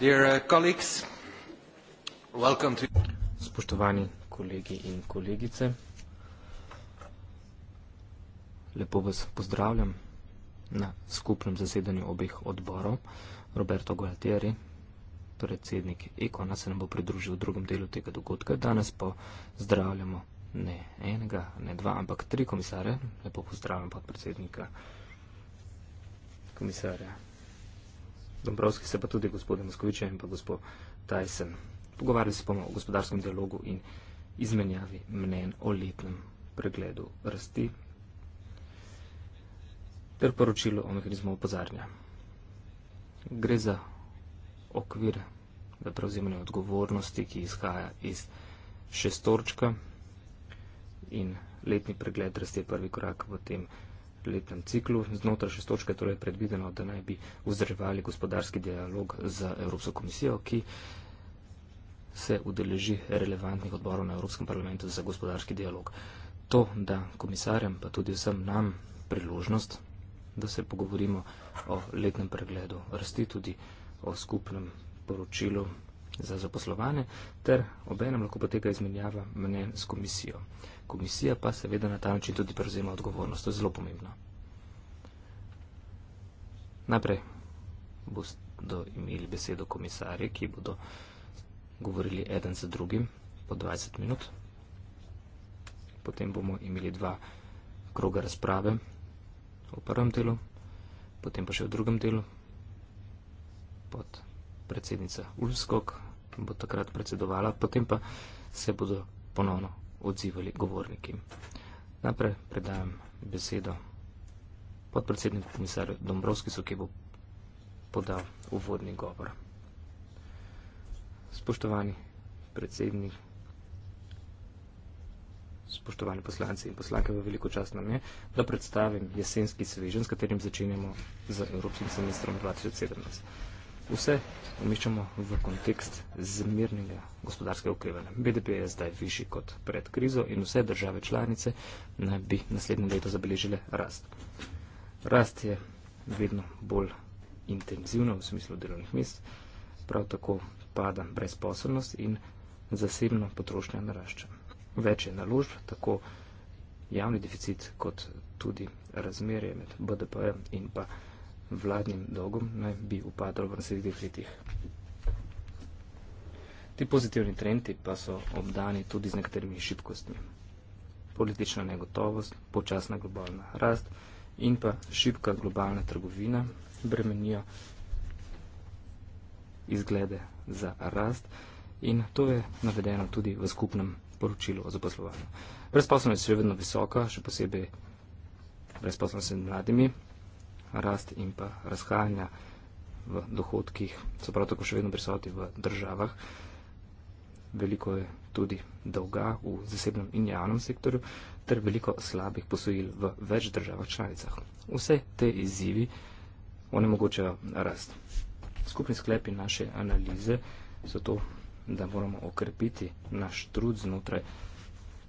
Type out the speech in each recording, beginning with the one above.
Uh, Spoštovani kolegi in kolegice, lepo vas pozdravljam na skupnem zasedanju obeh odborov. Roberto Gualtieri, predsednik Ekona, se nam bo pridružil v drugem delu tega dogodka. Danes pa zdravljamo ne enega, ne dva, ampak tri komisare. Lepo pozdravljam podpredsednika komisarja Dombrovski, se pa tudi gospod Moskoviče in pa gospod Tyson. Pogovarjali se bomo o gospodarskem dialogu in izmenjavi mnen o letnem pregledu rasti ter poročilo o mehanizmu opozarjanja. Gre za okvir za prevzemanje odgovornosti, ki izhaja iz šestorčka in letni pregled rasti je prvi korak v tem pregledu letnem ciklu znotraj šest točke, torej predvideno, da naj bi vzdrževali gospodarski dialog z Evropsko komisijo, ki se udeleži relevantnih odborov na Evropskem parlamentu za gospodarski dialog. To, da komisarjem, pa tudi vsem nam priložnost, da se pogovorimo o letnem pregledu rasti, tudi o skupnem poročilu za zaposlovane, ter obenem lahko poteka izmenjava mnen s komisijo. Komisija pa seveda na ta način tudi prevzema odgovornost. To je zelo pomembno. Najprej bodo imeli besedo komisarje, ki bodo govorili eden za drugim po 20 minut. Potem bomo imeli dva kroga razprave v prvem delu, potem pa še v drugem delu pod predsednica Ulfskog bo takrat predsedovala, potem pa se bodo ponovno odzivali govorniki. Naprej predajam besedo podpredsedniku komisarju Dombrovskisu, ki bo podal uvodni govor. Spoštovani predsednik, spoštovani poslanci in poslanke, veliko čast nam je, da predstavim jesenski svežen, s katerim začenjamo z Evropskim semestrom 2017 vse umiščamo v kontekst zmernega gospodarskega okrevanja. BDP je zdaj višji kot pred krizo in vse države članice naj bi naslednje leto zabeležile rast. Rast je vedno bolj intenzivna v smislu delovnih mest, prav tako pada brezposobnost in zasebno potrošnja narašča. Več je naložb, tako javni deficit kot tudi razmerje med BDP in pa vladnim dolgom, naj bi upadalo v naslednjih letih. Ti pozitivni trendi pa so obdani tudi z nekaterimi šibkostmi. Politična negotovost, počasna globalna rast in pa šibka globalna trgovina bremenijo izglede za rast in to je navedeno tudi v skupnem poročilu o zaposlovanju. Brezposobnost je še vedno visoka, še posebej brezposobnost med mladimi, rast in pa razhajanja v dohodkih so prav tako še vedno prisotni v državah. Veliko je tudi dolga v zasebnem in javnem sektorju ter veliko slabih posojil v več državah članicah. Vse te izzivi onemogočajo rast. Skupni sklepi naše analize so to, da moramo okrepiti naš trud znotraj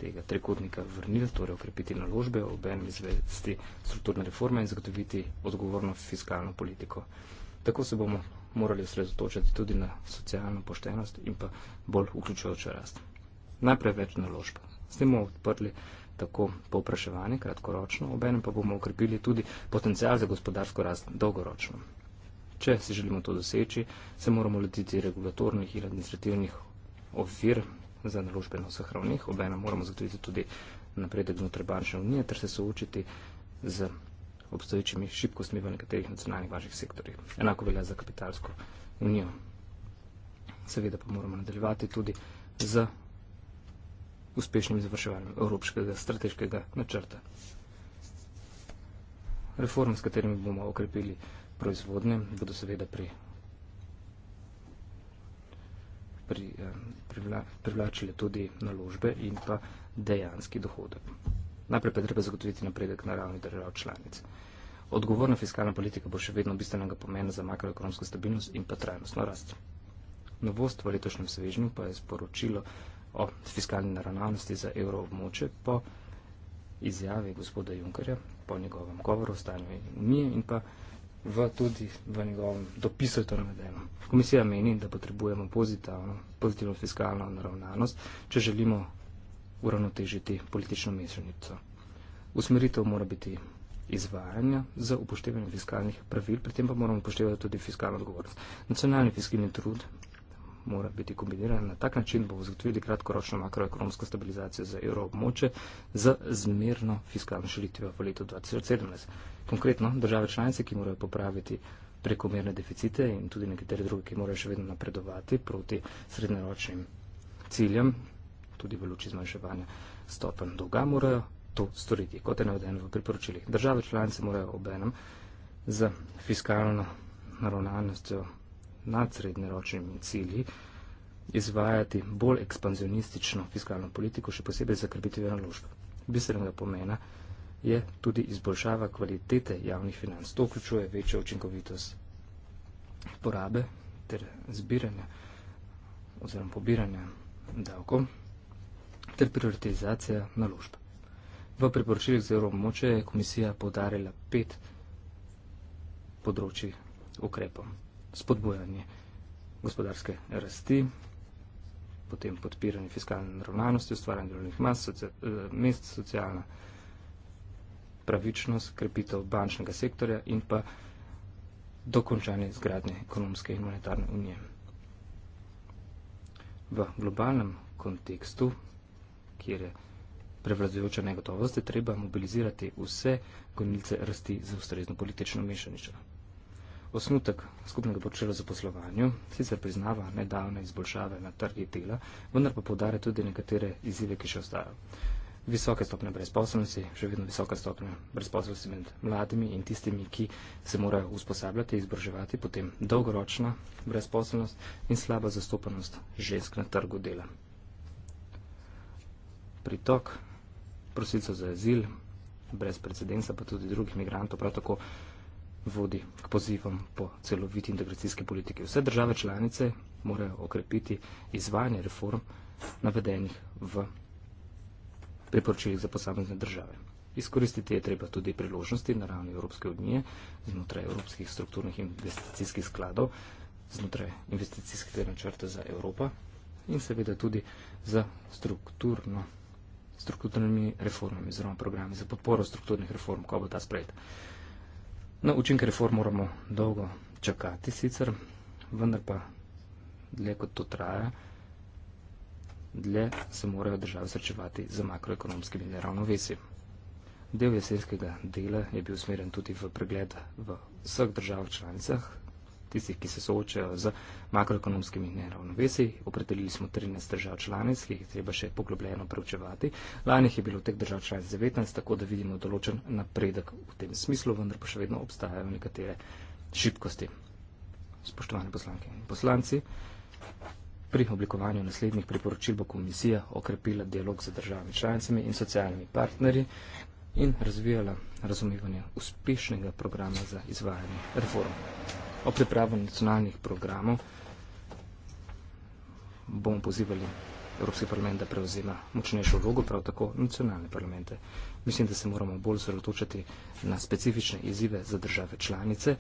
tega trikotnika vrnil, torej okrepiti naložbe, ob enem izvesti strukturne reforme in zagotoviti odgovorno fiskalno politiko. Tako se bomo morali osredotočati tudi na socialno poštenost in pa bolj vključujočo rast. Najprej več naložb. S tem bomo odprli tako povpraševanje kratkoročno, ob enem pa bomo okrepili tudi potencial za gospodarsko rast dolgoročno. Če si želimo to doseči, se moramo lotiti regulatornih in administrativnih ovir za naložbe na vseh ravneh. Obenem moramo zagotoviti tudi napredek znotraj bančne unije ter se soočiti z obstoječimi šibkostmi v nekaterih nacionalnih važnih sektorjih. Enako velja za kapitalsko unijo. Seveda pa moramo nadaljevati tudi z uspešnim izvrševanjem evropskega strateškega načrta. Reforme, s katerimi bomo okrepili proizvodne, bodo seveda pri pri, eh, privla, privlačile tudi naložbe in pa dejanski dohodek. Najprej pa treba zagotoviti napredek na ravni držav članic. Odgovorna fiskalna politika bo še vedno bistvenega pomena za makroekonomsko stabilnost in pa trajnostno rast. Novost v letošnjem svežnju pa je sporočilo o fiskalni naravnanosti za evroobmoče po izjavi gospoda Junkerja, po njegovem govoru o stanju unije in pa v, tudi v njegovem dopisu je to navedeno. Komisija meni, da potrebujemo pozitivno, pozitivno fiskalno naravnanost, če želimo uravnotežiti politično mešanico. Usmeritev mora biti izvajanja z upoštevanjem fiskalnih pravil, pri tem pa moramo upoštevati tudi fiskalno odgovornost. Nacionalni fiskalni trud mora biti kombinirana na tak način, bomo zagotovili kratkoročno makroekonomsko stabilizacijo za evroobmoče z zmerno fiskalno šelitvijo v letu 2017. Konkretno, države članice, ki morajo popraviti prekomerne deficite in tudi nekatere druge, ki morajo še vedno napredovati proti srednjeročnim ciljem, tudi v luči zmanjševanja stopen dolga, morajo to storiti, kot je navedeno v priporočilih. Države članice morajo obenem z fiskalno naravnanostjo nad srednjeročnimi cilji izvajati bolj ekspanzionistično fiskalno politiko, še posebej za krepitev naložb. Bistvenega pomena je tudi izboljšava kvalitete javnih financ. To vključuje večjo učinkovitost porabe ter zbiranja oziroma pobiranja davkov ter prioritizacija naložb. V priporočilih za območje je komisija podarila pet področji ukrepom spodbujanje gospodarske rasti, potem podpiranje fiskalne naravnanosti, ustvarjanje delovnih mas, socia eh, mest, socialna pravičnost, krepitev bančnega sektorja in pa dokončanje zgradnje ekonomske in monetarne unije. V globalnem kontekstu, kjer je prevladujoča negotovost, je treba mobilizirati vse gonilce rasti za ustrezno politično mešanico. Osnutek skupnega počela zaposlovanju sicer priznava nedavne izboljšave na trgi dela, vendar pa podare tudi nekatere izzive, ki še ostajajo. Visoke stopne brezposobnosti, še vedno visoka stopne brezposobnosti med mladimi in tistimi, ki se morajo usposabljati, izbroževati, potem dolgoročna brezposobnost in slaba zastopanost žensk na trgu dela. Pritok prosilcev za azil, brez precedensa, pa tudi drugih migrantov, prav tako vodi k pozivom po celoviti integracijski politiki. Vse države članice morajo okrepiti izvajanje reform navedenih v priporočilih za posamezne države. Izkoristiti je treba tudi priložnosti na ravni Evropske unije, znotraj Evropskih strukturnih investicijskih skladov, znotraj investicijskega načrta za Evropa in seveda tudi za strukturno strukturnimi reformami, oziroma programi za podporo strukturnih reform, ko bo ta sprejeta. Na no, učinke reform moramo dolgo čakati sicer, vendar pa dlje kot to traja, dlje se morajo države srečevati z makroekonomskimi neravnovesi. Del jesenskega dela je bil smeren tudi v pregled v vseh državah članicah tistih, ki se soočajo z makroekonomskimi neravnovesi. Opredelili smo 13 držav članic, ki jih treba še poglobljeno preučevati. Lani je bilo teh držav članic 19, tako da vidimo določen napredek v tem smislu, vendar pa še vedno obstajajo nekatere šibkosti. Spoštovane poslanke in poslanci, pri oblikovanju naslednjih priporočil bo komisija okrepila dialog z državami članicami in socialnimi partnerji in razvijala razumevanje uspešnega programa za izvajanje reform o pripravi nacionalnih programov bomo pozivali Evropski parlament, da prevzema močnejšo vlogo, prav tako nacionalne parlamente. Mislim, da se moramo bolj zelotočati na specifične izzive za države članice,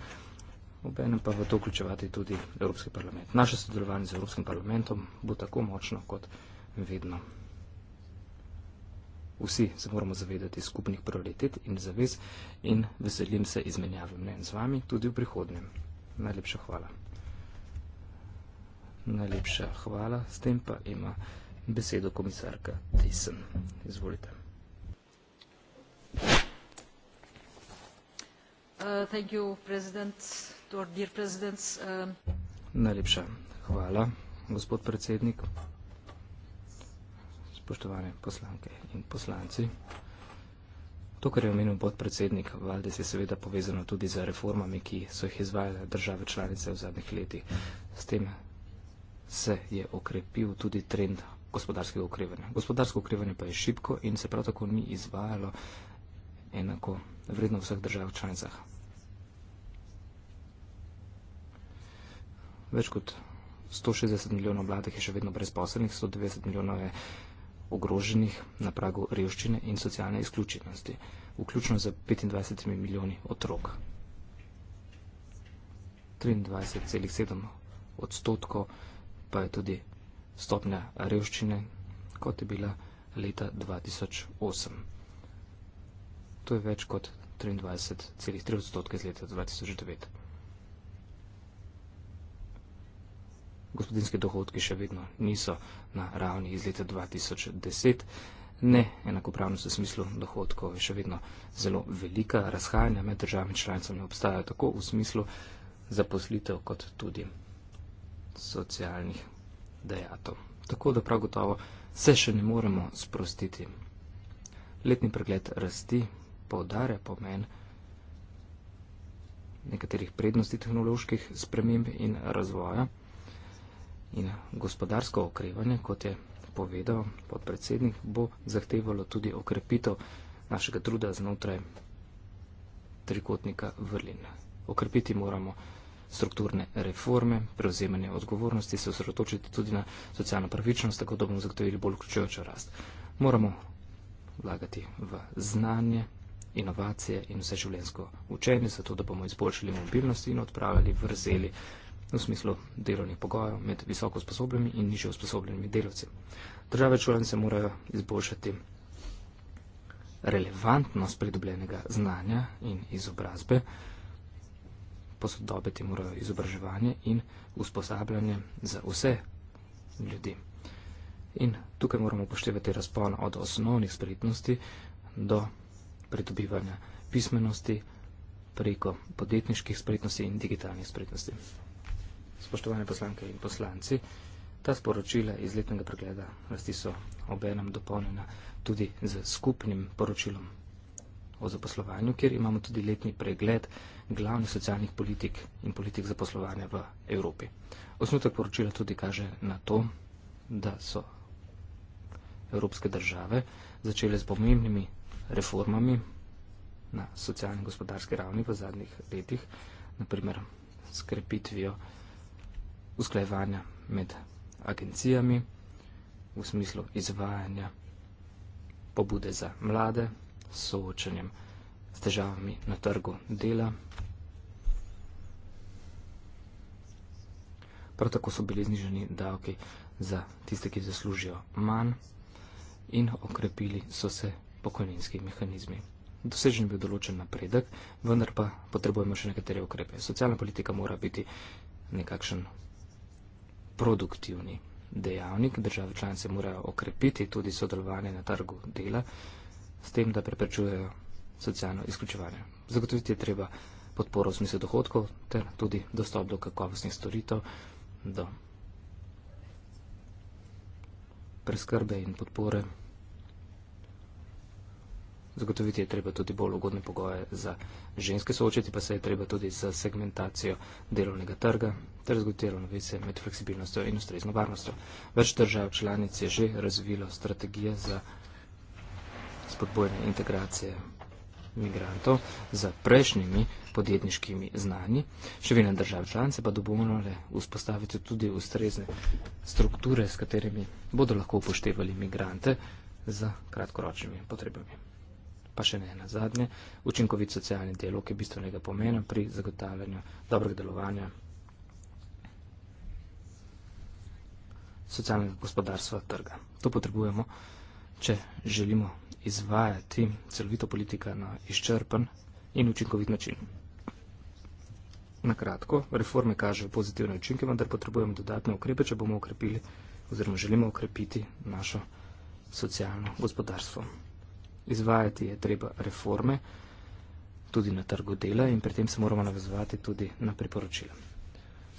obenem pa v to vključevati tudi Evropski parlament. Naše sodelovanje z Evropskim parlamentom bo tako močno kot vedno. Vsi se moramo zavedati skupnih prioritet in zavez in veselim se izmenjavim mnen z vami tudi v prihodnem. Najlepša hvala. Najlepša hvala. S tem pa ima besedo komisarka Tisen. Izvolite. Uh, thank you, President, or dear Presidents. Uh, Najlepša hvala, gospod predsednik, spoštovane poslanke in poslanci. To, kar je omenil podpredsednik Valdes, je seveda povezano tudi z reformami, ki so jih izvajale države članice v zadnjih letih. S tem se je okrepil tudi trend gospodarskega okrevanja. Gospodarsko okrevanje pa je šipko in se prav tako ni izvajalo enako vredno v vseh državah članicah. Več kot 160 milijonov mladih je še vedno brezposelnih, 190 milijonov je ogroženih na pragu revščine in socialne izključenosti, vključno z 25 milijoni otrok. 23,7 odstotkov pa je tudi stopnja revščine, kot je bila leta 2008. To je več kot 23,3 odstotke iz leta 2009. gospodinske dohodke še vedno niso na ravni iz leta 2010. Ne, enakopravnost v smislu dohodkov je še vedno zelo velika, razhajanja med državami članicami obstajajo tako v smislu zaposlitev kot tudi socialnih dejatov. Tako da prav gotovo se še ne moremo sprostiti. Letni pregled rasti povdarja pomen nekaterih prednosti tehnoloških sprememb in razvoja in gospodarsko okrevanje, kot je povedal podpredsednik, bo zahtevalo tudi okrepitev našega truda znotraj trikotnika vrlin. Okrepiti moramo strukturne reforme, prevzemanje odgovornosti, se osredotočiti tudi na socialno pravičnost, tako da bomo zagotovili bolj vključujočo rast. Moramo vlagati v znanje, inovacije in vseživljensko učenje, zato da bomo izboljšali mobilnost in odpravljali vrzeli v smislu delovnih pogojev med visoko sposobnimi in nižjo sposobnimi delavci. Države članice morajo izboljšati relevantnost pridobljenega znanja in izobrazbe, posodobiti morajo izobraževanje in usposabljanje za vse ljudi. In tukaj moramo upoštevati razpon od osnovnih spretnosti do pridobivanja pismenosti preko podjetniških spretnosti in digitalnih spretnosti spoštovane poslanke in poslanci, ta sporočila iz letnega pregleda rasti so obenem dopolnjena tudi z skupnim poročilom o zaposlovanju, kjer imamo tudi letni pregled glavnih socialnih politik in politik zaposlovanja v Evropi. Osnutek poročila tudi kaže na to, da so evropske države začele s pomembnimi reformami na socialni in gospodarski ravni v zadnjih letih, naprimer s krepitvijo usklajevanja med agencijami v smislu izvajanja pobude za mlade, soočanjem s težavami na trgu dela. Prav tako so bili zniženi davki za tiste, ki zaslužijo manj in okrepili so se pokojninski mehanizmi. Dosežen je bil določen napredek, vendar pa potrebujemo še nekatere ukrepe. Socialna politika mora biti nekakšen produktivni dejavnik. Države članice morajo okrepiti tudi sodelovanje na trgu dela s tem, da preprečujejo socialno izključevanje. Zagotoviti je treba podporo v smislu dohodkov ter tudi dostop do kakovostnih storitev, do preskrbe in podpore zagotoviti je treba tudi bolj ugodne pogoje za ženske, soočiti pa se je treba tudi z segmentacijo delovnega trga ter zgoditi ravnovesje med fleksibilnostjo in ustrezno varnostjo. Več držav članic je že razvilo strategije za spodbojne integracije migrantov z prejšnjimi podjetniškimi znani. Še vedno države članice pa dobovnole vzpostaviti tudi ustrezne strukture, s katerimi bodo lahko upoštevali migrante z kratkoročnimi potrebami pa še ne na zadnje, učinkovit socialni dialog je bistvenega pomena pri zagotavljanju dobrega delovanja socialnega gospodarstva trga. To potrebujemo, če želimo izvajati celovito politika na izčrpen in učinkovit način. Na kratko, reforme kažejo pozitivne učinke, vendar potrebujemo dodatne ukrepe, če bomo okrepili oziroma želimo okrepiti našo socialno gospodarstvo. Izvajati je treba reforme tudi na trgu dela in pri tem se moramo navezovati tudi na priporočila.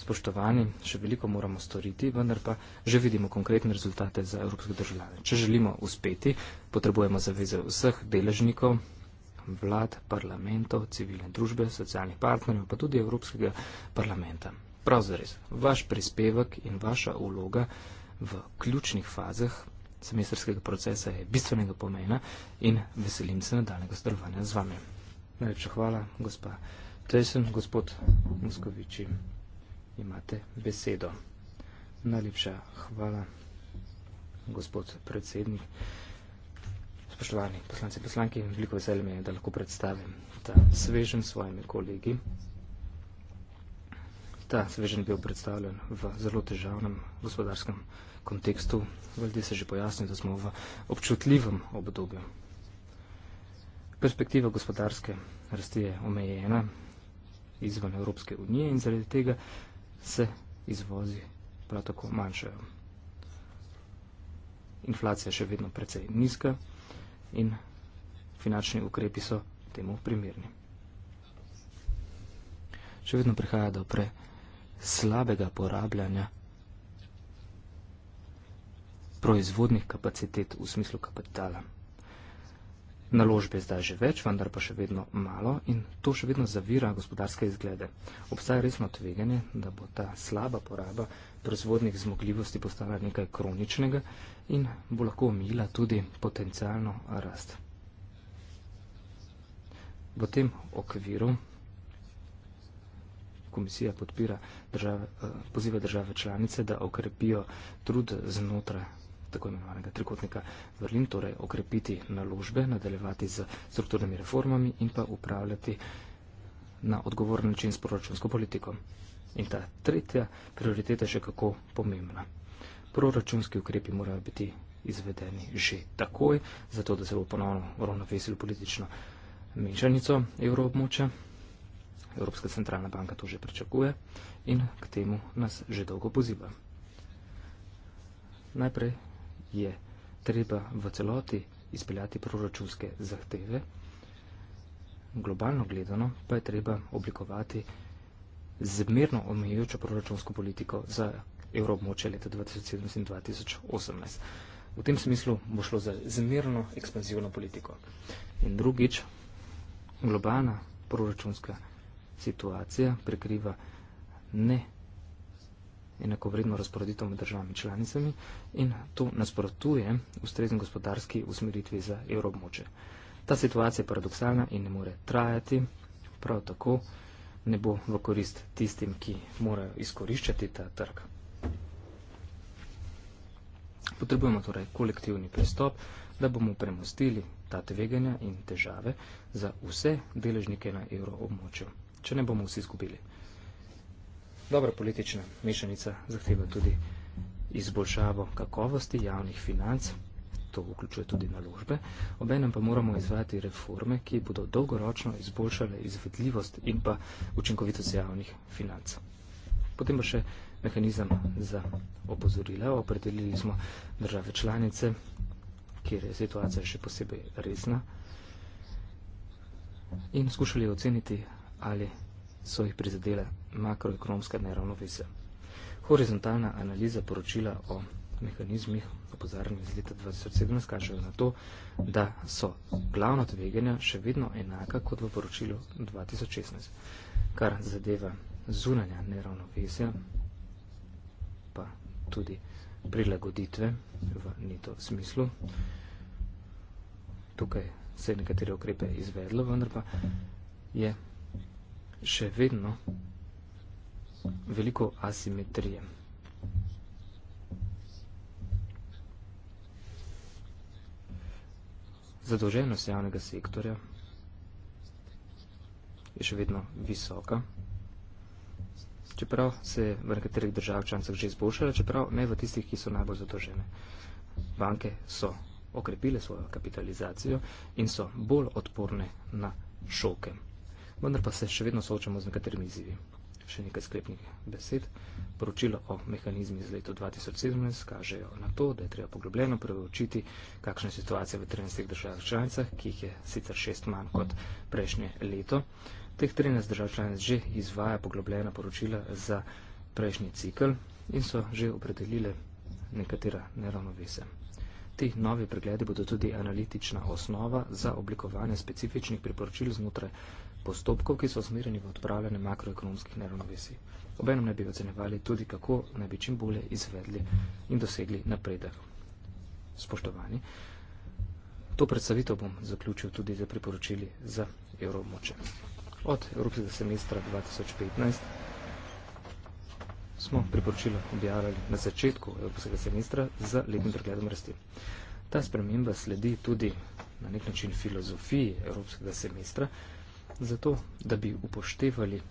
Spoštovani, še veliko moramo storiti, vendar pa že vidimo konkretne rezultate za evropske državljane. Če želimo uspeti, potrebujemo zaveze vseh deležnikov, vlad, parlamentov, civilne družbe, socialnih partnerjev, pa tudi Evropskega parlamenta. Prav zares, vaš prispevek in vaša uloga v ključnih fazah semestrskega procesa je bistvenega pomena in veselim se nadaljnega sodelovanja z vami. Najlepša hvala, gospa Tresen, gospod Moskoviči, imate besedo. Najlepša hvala, gospod predsednik. Spoštovani poslanci in poslanki, veliko veselje mi je, da lahko predstavim ta svežen svojimi kolegi. Ta svežen je bil predstavljen v zelo težavnem gospodarskem procesu kontekstu, veljde se že pojasni, da smo v občutljivem obdobju. Perspektiva gospodarske rasti je omejena izvan Evropske unije in zaradi tega se izvozi prav tako manjšajo. Inflacija je še vedno precej nizka in finančni ukrepi so temu primerni. Še vedno prihaja do pre slabega porabljanja proizvodnih kapacitet v smislu kapitala. Naložbe je zdaj že več, vendar pa še vedno malo in to še vedno zavira gospodarske izglede. Obstaja resno tveganje, da bo ta slaba poraba proizvodnih zmogljivosti postala nekaj kroničnega in bo lahko omila tudi potencijalno rast. V tem okviru komisija podpira, država, eh, poziva države članice, da okrepijo trud znotraj tako imenovanega trikotnika vrlin, torej okrepiti naložbe, nadaljevati z strukturnimi reformami in pa upravljati na odgovoren način s proračunsko politiko. In ta tretja prioriteta je še kako pomembna. Proračunski ukrepi morajo biti izvedeni že takoj, zato da se bo ponovno uravnovesilo politično mešanico evroobmoča. Evropska centralna banka to že pričakuje in k temu nas že dolgo poziva. Najprej je treba v celoti izpeljati proračunske zahteve, globalno gledano pa je treba oblikovati zmerno omejujočo proračunsko politiko za evroobmoče leta 2017 in 2018. V tem smislu bo šlo za zmerno ekspanzivno politiko. In drugič, globalna proračunska situacija prekriva ne enakovredno razporeditev med državami članicami in to nasprotuje ustrezni gospodarski usmeritvi za evroobmoče. Ta situacija je paradoksalna in ne more trajati, prav tako ne bo v korist tistim, ki morajo izkoriščati ta trg. Potrebujemo torej kolektivni pristop, da bomo premostili ta tveganja in težave za vse deležnike na evroobmoču, če ne bomo vsi izgubili. Dobra politična mešanica zahteva tudi izboljšavo kakovosti javnih financ, to vključuje tudi naložbe, obenem pa moramo izvajati reforme, ki bodo dolgoročno izboljšale izvedljivost in pa učinkovitost javnih financ. Potem pa še mehanizem za opozorila. Opredelili smo države članice, kjer je situacija še posebej resna in skušali oceniti, ali so jih prizadele makroekonomske neravnovese. Horizontalna analiza poročila o mehanizmih opozarjanja iz leta 2017 kažejo na to, da so glavna tveganja še vedno enaka kot v poročilu 2016, kar zadeva zunanja neravnovesja, pa tudi prilagoditve v neto smislu. Tukaj se je nekatere ukrepe izvedlo, vendar pa je še vedno veliko asimetrije. Zadolženost javnega sektorja je še vedno visoka, čeprav se je v nekaterih državčancah že izboljšala, čeprav ne v tistih, ki so najbolj zadolžene. Banke so okrepile svojo kapitalizacijo in so bolj odporne na šoke vendar pa se še vedno soočamo z nekaterimi izzivi. Še nekaj sklepnih besed. Poročilo o mehanizmi iz leta 2017 kažejo na to, da je treba poglobljeno preučiti, kakšna je situacija v 13 državah članicah, ki jih je sicer šest manj kot prejšnje leto. Teh 13 držav članic že izvaja poglobljena poročila za prejšnji cikl in so že opredelile nekatera neravnovese. Ti novi pregledi bodo tudi analitična osnova za oblikovanje specifičnih priporočil znotraj postopkov, ki so usmerjeni v odpravljanje makroekonomskih neravnovesij. Obenem naj bi ocenevali tudi, kako naj bi čim bolje izvedli in dosegli napredek. Spoštovani, to predstavitev bom zaključil tudi za priporočili za evromoče. Od evropskega semestra 2015 smo priporočila objavili na začetku evropskega semestra za letnim pregledom rasti. Ta sprememba sledi tudi na nek način filozofiji evropskega semestra, zato, da bi upoštevali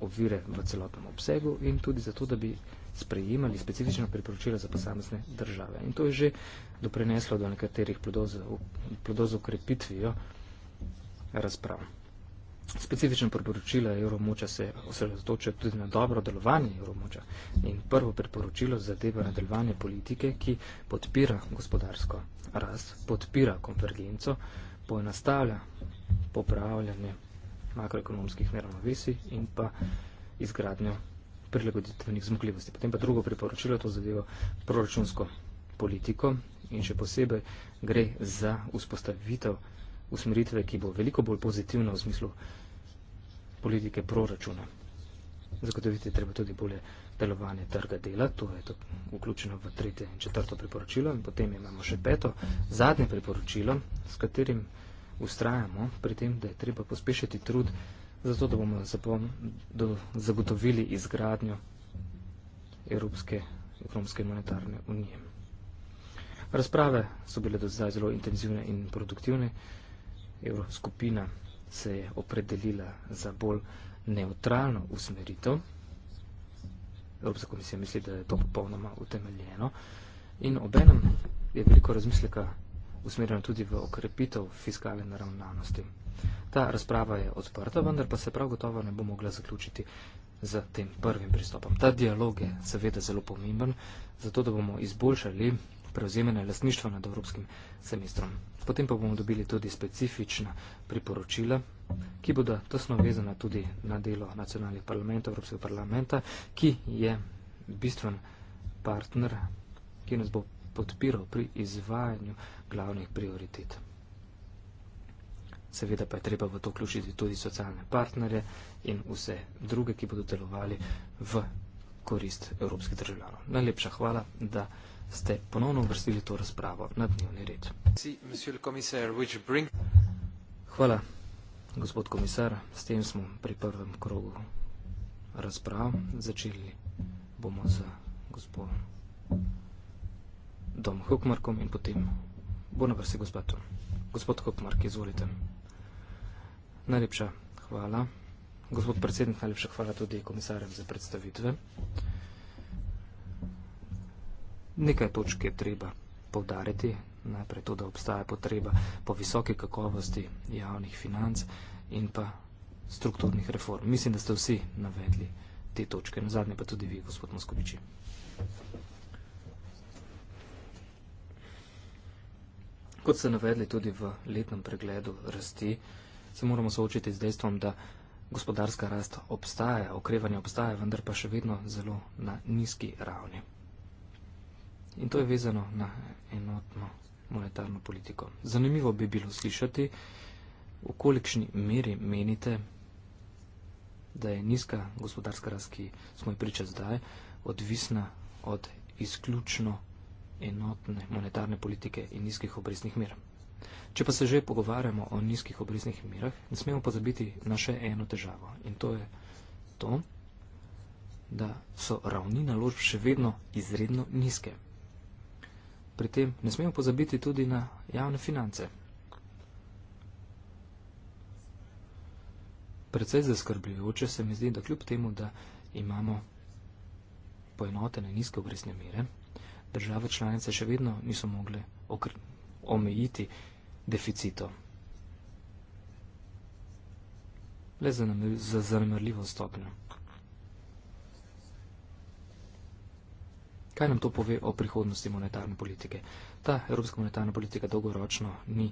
ovire v celotnem obsegu in tudi zato, da bi sprejemali specifično priporočila za posamezne države. In to je že doprineslo do nekaterih plodov z ukrepitvijo razprav. Specifično priporočilo Euromoča se osredotoča tudi na dobro delovanje Euromoča in prvo priporočilo zadeva nadaljevanje politike, ki podpira gospodarsko rast, podpira konvergenco, poenostavlja popravljanje makroekonomskih neravnovesij in pa izgradnjo prilagoditvenih zmogljivosti. Potem pa drugo priporočilo, to zadeva proračunsko politiko in še posebej gre za vzpostavitev usmeritve, ki bo veliko bolj pozitivna v smislu politike proračuna. Zagotoviti je treba tudi bolje delovanje trga dela, to je to vključeno v tretje in četrto priporočilo in potem imamo še peto, zadnje priporočilo, s katerim ustrajamo pri tem, da je treba pospešiti trud, zato da bomo zapom, do, zagotovili izgradnjo Evropske ekonomske in monetarne unije. Razprave so bile do zdaj zelo intenzivne in produktivne. Evroskupina se je opredelila za bolj neutralno usmeritev. Evropska komisija misli, da je to popolnoma utemeljeno. In obenem je veliko razmisleka usmerjeno tudi v okrepitev fiskalne naravnanosti. Ta razprava je odprta, vendar pa se prav gotovo ne bo mogla zaključiti z tem prvim pristopom. Ta dialog je seveda zelo pomemben, zato da bomo izboljšali prevzemene lastništva nad evropskim semestrom. Potem pa bomo dobili tudi specifična priporočila, ki bodo tesno vezana tudi na delo nacionalnih parlamentov, Evropskega parlamenta, ki je bistven partner, ki nas bo podpiral pri izvajanju glavnih prioritet. Seveda pa je treba v to vključiti tudi socialne partnerje in vse druge, ki bodo delovali v korist evropskih državljanov. Najlepša hvala, da ste ponovno uvrstili to razpravo na dnevni red. Hvala, gospod komisar. S tem smo pri prvem krogu razprav. Začeli bomo z gospodom dom Hukmarkom in potem bo na vrsti gospodu. Gospod Hukmark, izvolite. Najlepša hvala. Gospod predsednik, najlepša hvala tudi komisarjem za predstavitve. Nekaj točk je treba povdariti. Najprej to, da obstaja potreba po visoki kakovosti javnih financ in pa strukturnih reform. Mislim, da ste vsi navedli te točke. Na zadnje pa tudi vi, gospod Moskoviči. Thank you. Kot ste navedli tudi v letnem pregledu rasti, se moramo soočiti z dejstvom, da gospodarska rast obstaja, okrevanje obstaja, vendar pa še vedno zelo na nizki ravni. In to je vezano na enotno monetarno politiko. Zanimivo bi bilo slišati, v kolikšni meri menite, da je nizka gospodarska rast, ki smo jo priča zdaj, odvisna od izključno enotne monetarne politike in nizkih obrestnih mer. Če pa se že pogovarjamo o nizkih obrestnih merah, ne smemo pozabiti na še eno težavo in to je to, da so ravni naložb še vedno izredno nizke. Pri tem ne smemo pozabiti tudi na javne finance. Predvsej zaskrbljujoče se mi zdi, da kljub temu, da imamo poenotene nizke obrestne mere, države članice še vedno niso mogli omejiti deficito. Le za zanemrljivo stopnjo. Kaj nam to pove o prihodnosti monetarne politike? Ta evropska monetarna politika dolgoročno ni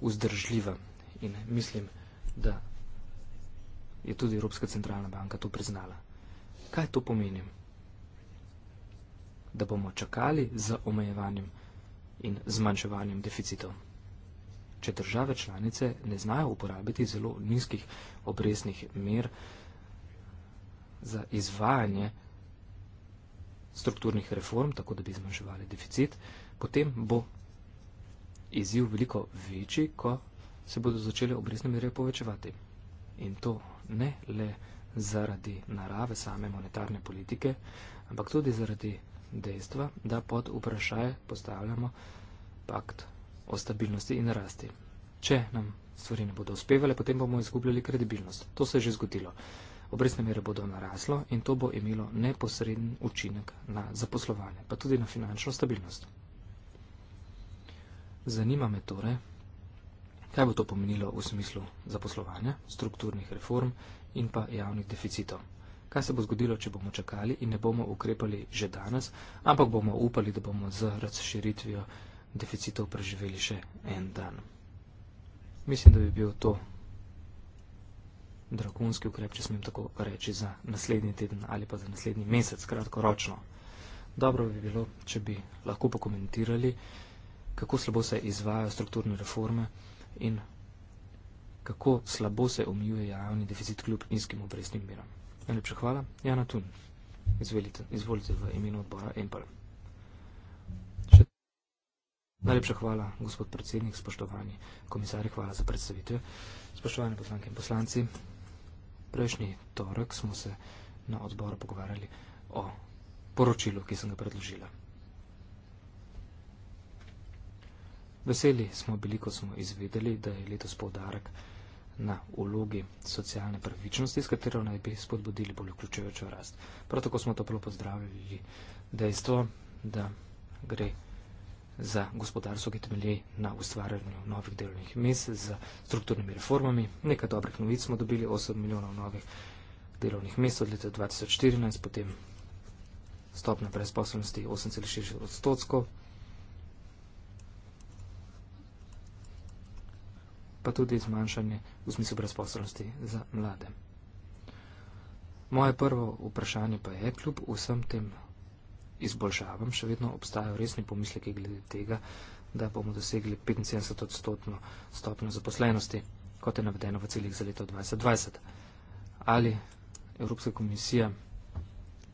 vzdržljiva in mislim, da je tudi Evropska centralna banka to priznala. Kaj to pomeni? da bomo čakali z omejevanjem in zmanjševanjem deficitov. Če države članice ne znajo uporabiti zelo nizkih obresnih mer za izvajanje strukturnih reform, tako da bi zmanjševali deficit, potem bo izziv veliko večji, ko se bodo začele obresne mere povečevati. In to ne le zaradi narave same monetarne politike, ampak tudi zaradi dejstva, da pod vprašanje postavljamo pakt o stabilnosti in rasti. Če nam stvari ne bodo uspevale, potem bomo izgubljali kredibilnost. To se je že zgodilo. Obrestne mere bodo naraslo in to bo imelo neposreden učinek na zaposlovanje, pa tudi na finančno stabilnost. Zanima me torej, kaj bo to pomenilo v smislu zaposlovanja, strukturnih reform in pa javnih deficitov kaj se bo zgodilo, če bomo čakali in ne bomo ukrepali že danes, ampak bomo upali, da bomo z razširitvijo deficitov preživeli še en dan. Mislim, da bi bil to drakonski ukrep, če smem tako reči, za naslednji teden ali pa za naslednji mesec, kratkoročno. Dobro bi bilo, če bi lahko pokomentirali, kako slabo se izvajo strukturne reforme in kako slabo se omijuje javni deficit kljub nizkim obrestnim meram. Najlepša hvala. Jana Tun, izvolite, izvolite v imenu odbora Empire. Še... Najlepša hvala, gospod predsednik, spoštovani komisari, hvala za predstavitev. Spoštovani poslanke in poslanci, prejšnji torek smo se na odboru pogovarjali o poročilu, ki sem ga predložila. Veseli smo bili, ko smo izvedeli, da je letos poudarek na vlogi socialne pravičnosti, s katero naj bi spodbudili bolj vključujočo rast. Prav tako smo toplo pozdravljali dejstvo, da gre za gospodarstvo, ki temelji na ustvarjanju novih delovnih mest z strukturnimi reformami. Nekaj dobrih novic smo dobili, 8 milijonov novih delovnih mest od leta 2014, potem stopna brezposobnosti 8,6 odstotkov. pa tudi zmanjšanje v smislu brezposobnosti za mlade. Moje prvo vprašanje pa je, kljub vsem tem izboljšavam, še vedno obstajajo resni pomisleki glede tega, da bomo dosegli 75 odstotno stopno zaposlenosti, kot je navedeno v ciljih za leto 2020. Ali Evropska komisija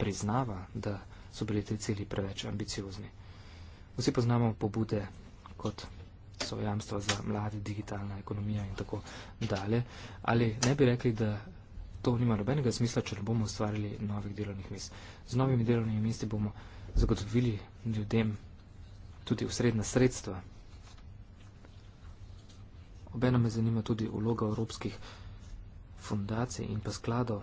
priznava, da so bili te cilji preveč ambiciozni? Vsi poznamo pobude kot so jamstva za mlade, digitalna ekonomija in tako dalje. Ali ne bi rekli, da to nima nobenega smisla, če ne bomo ustvarili novih delovnih mest. Z novimi delovnimi mesti bomo zagotovili ljudem tudi usredna sredstva. Obeno me zanima tudi vloga evropskih fundacij in pa skladov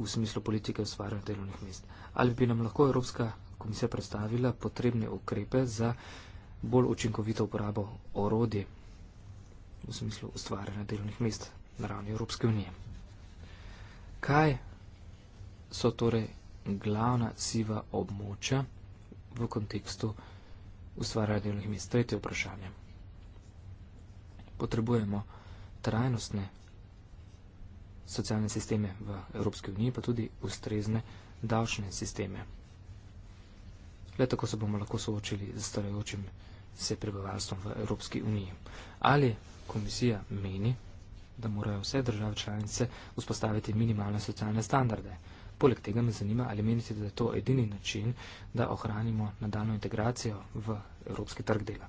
v smislu politike ustvarjanja delovnih mest. Ali bi nam lahko Evropska komisija predstavila potrebne ukrepe za bolj učinkovito uporabo orodje v smislu ustvarjanja delovnih mest na ravni Evropske unije. Kaj so torej glavna siva območja v kontekstu ustvarjanja delovnih mest? Tretje vprašanje. Potrebujemo trajnostne socialne sisteme v Evropske unije, pa tudi ustrezne davčne sisteme. Le tako se bomo lahko soočili z starajočim vprašanjem s prebivalstvom v Evropski uniji. Ali komisija meni, da morajo vse države članice vzpostaviti minimalne socialne standarde? Poleg tega me zanima, ali menite, da je to edini način, da ohranimo nadaljno integracijo v evropski trg dela.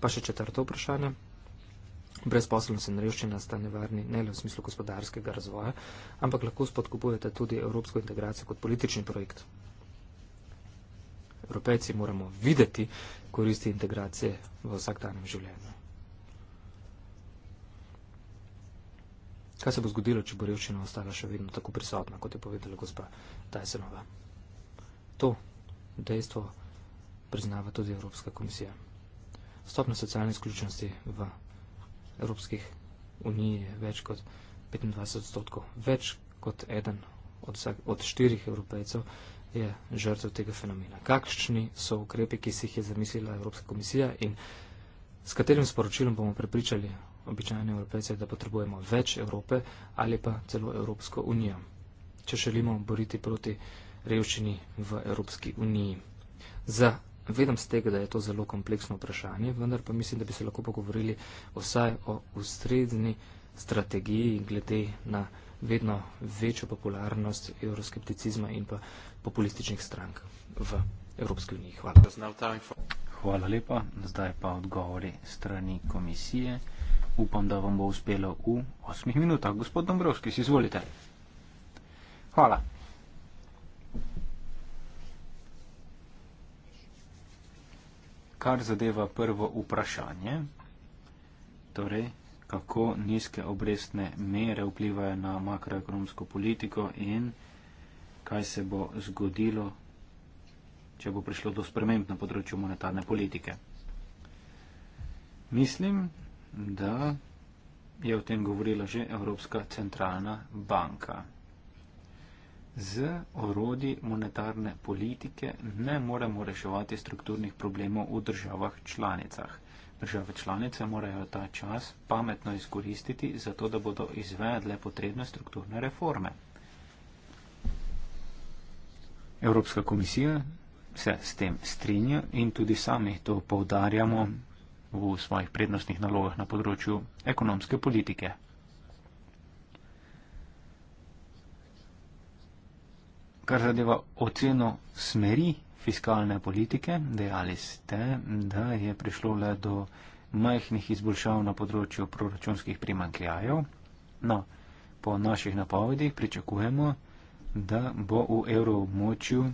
Pa še četrto vprašanje. Brezposelnost in revščina sta nevarni ne le v smislu gospodarskega razvoja, ampak lahko spodkupujete tudi evropsko integracijo kot politični projekt. Evropejci moramo videti, koristi integracije v vsakdanjem življenju. Kaj se bo zgodilo, če bo revščina ostala še vedno tako prisotna, kot je povedala gospa Tajsenova? To dejstvo priznava tudi Evropska komisija. Stopna socialne izključnosti v Evropskih uniji je več kot 25 odstotkov. Več kot eden od, vsak, od štirih evropejcev je žrtev tega fenomena. Kakšni so ukrepi, ki si jih je zamislila Evropska komisija in s katerim sporočilom bomo prepričali običajne evropejce, da potrebujemo več Evrope ali pa celo Evropsko unijo, če želimo boriti proti revščini v Evropski uniji. Zavedam se tega, da je to zelo kompleksno vprašanje, vendar pa mislim, da bi se lahko pogovorili vsaj o ustrezni strategiji glede na vedno večjo popularnost evroskepticizma in pa populističnih strank v Evropski uniji. Hvala. Hvala lepa. Zdaj pa odgovori strani komisije. Upam, da vam bo uspelo v osmih minutah. Gospod Dombrovski, si izvolite. Hvala. Kar zadeva prvo vprašanje, torej kako nizke obrestne mere vplivajo na makroekonomsko politiko in vprašanje, kaj se bo zgodilo, če bo prišlo do sprememb na področju monetarne politike. Mislim, da je o tem govorila že Evropska centralna banka. Z orodi monetarne politike ne moremo reševati strukturnih problemov v državah članicah. Države članice morajo ta čas pametno izkoristiti, zato da bodo izvedle potrebne strukturne reforme. Evropska komisija se s tem strinja in tudi sami to poudarjamo v svojih prednostnih nalogah na področju ekonomske politike. Kar zadeva oceno smeri fiskalne politike, dejali ste, da je prišlo le do majhnih izboljšav na področju proračunskih primankljajev. No, po naših napovedih pričakujemo, da bo v evroobmočju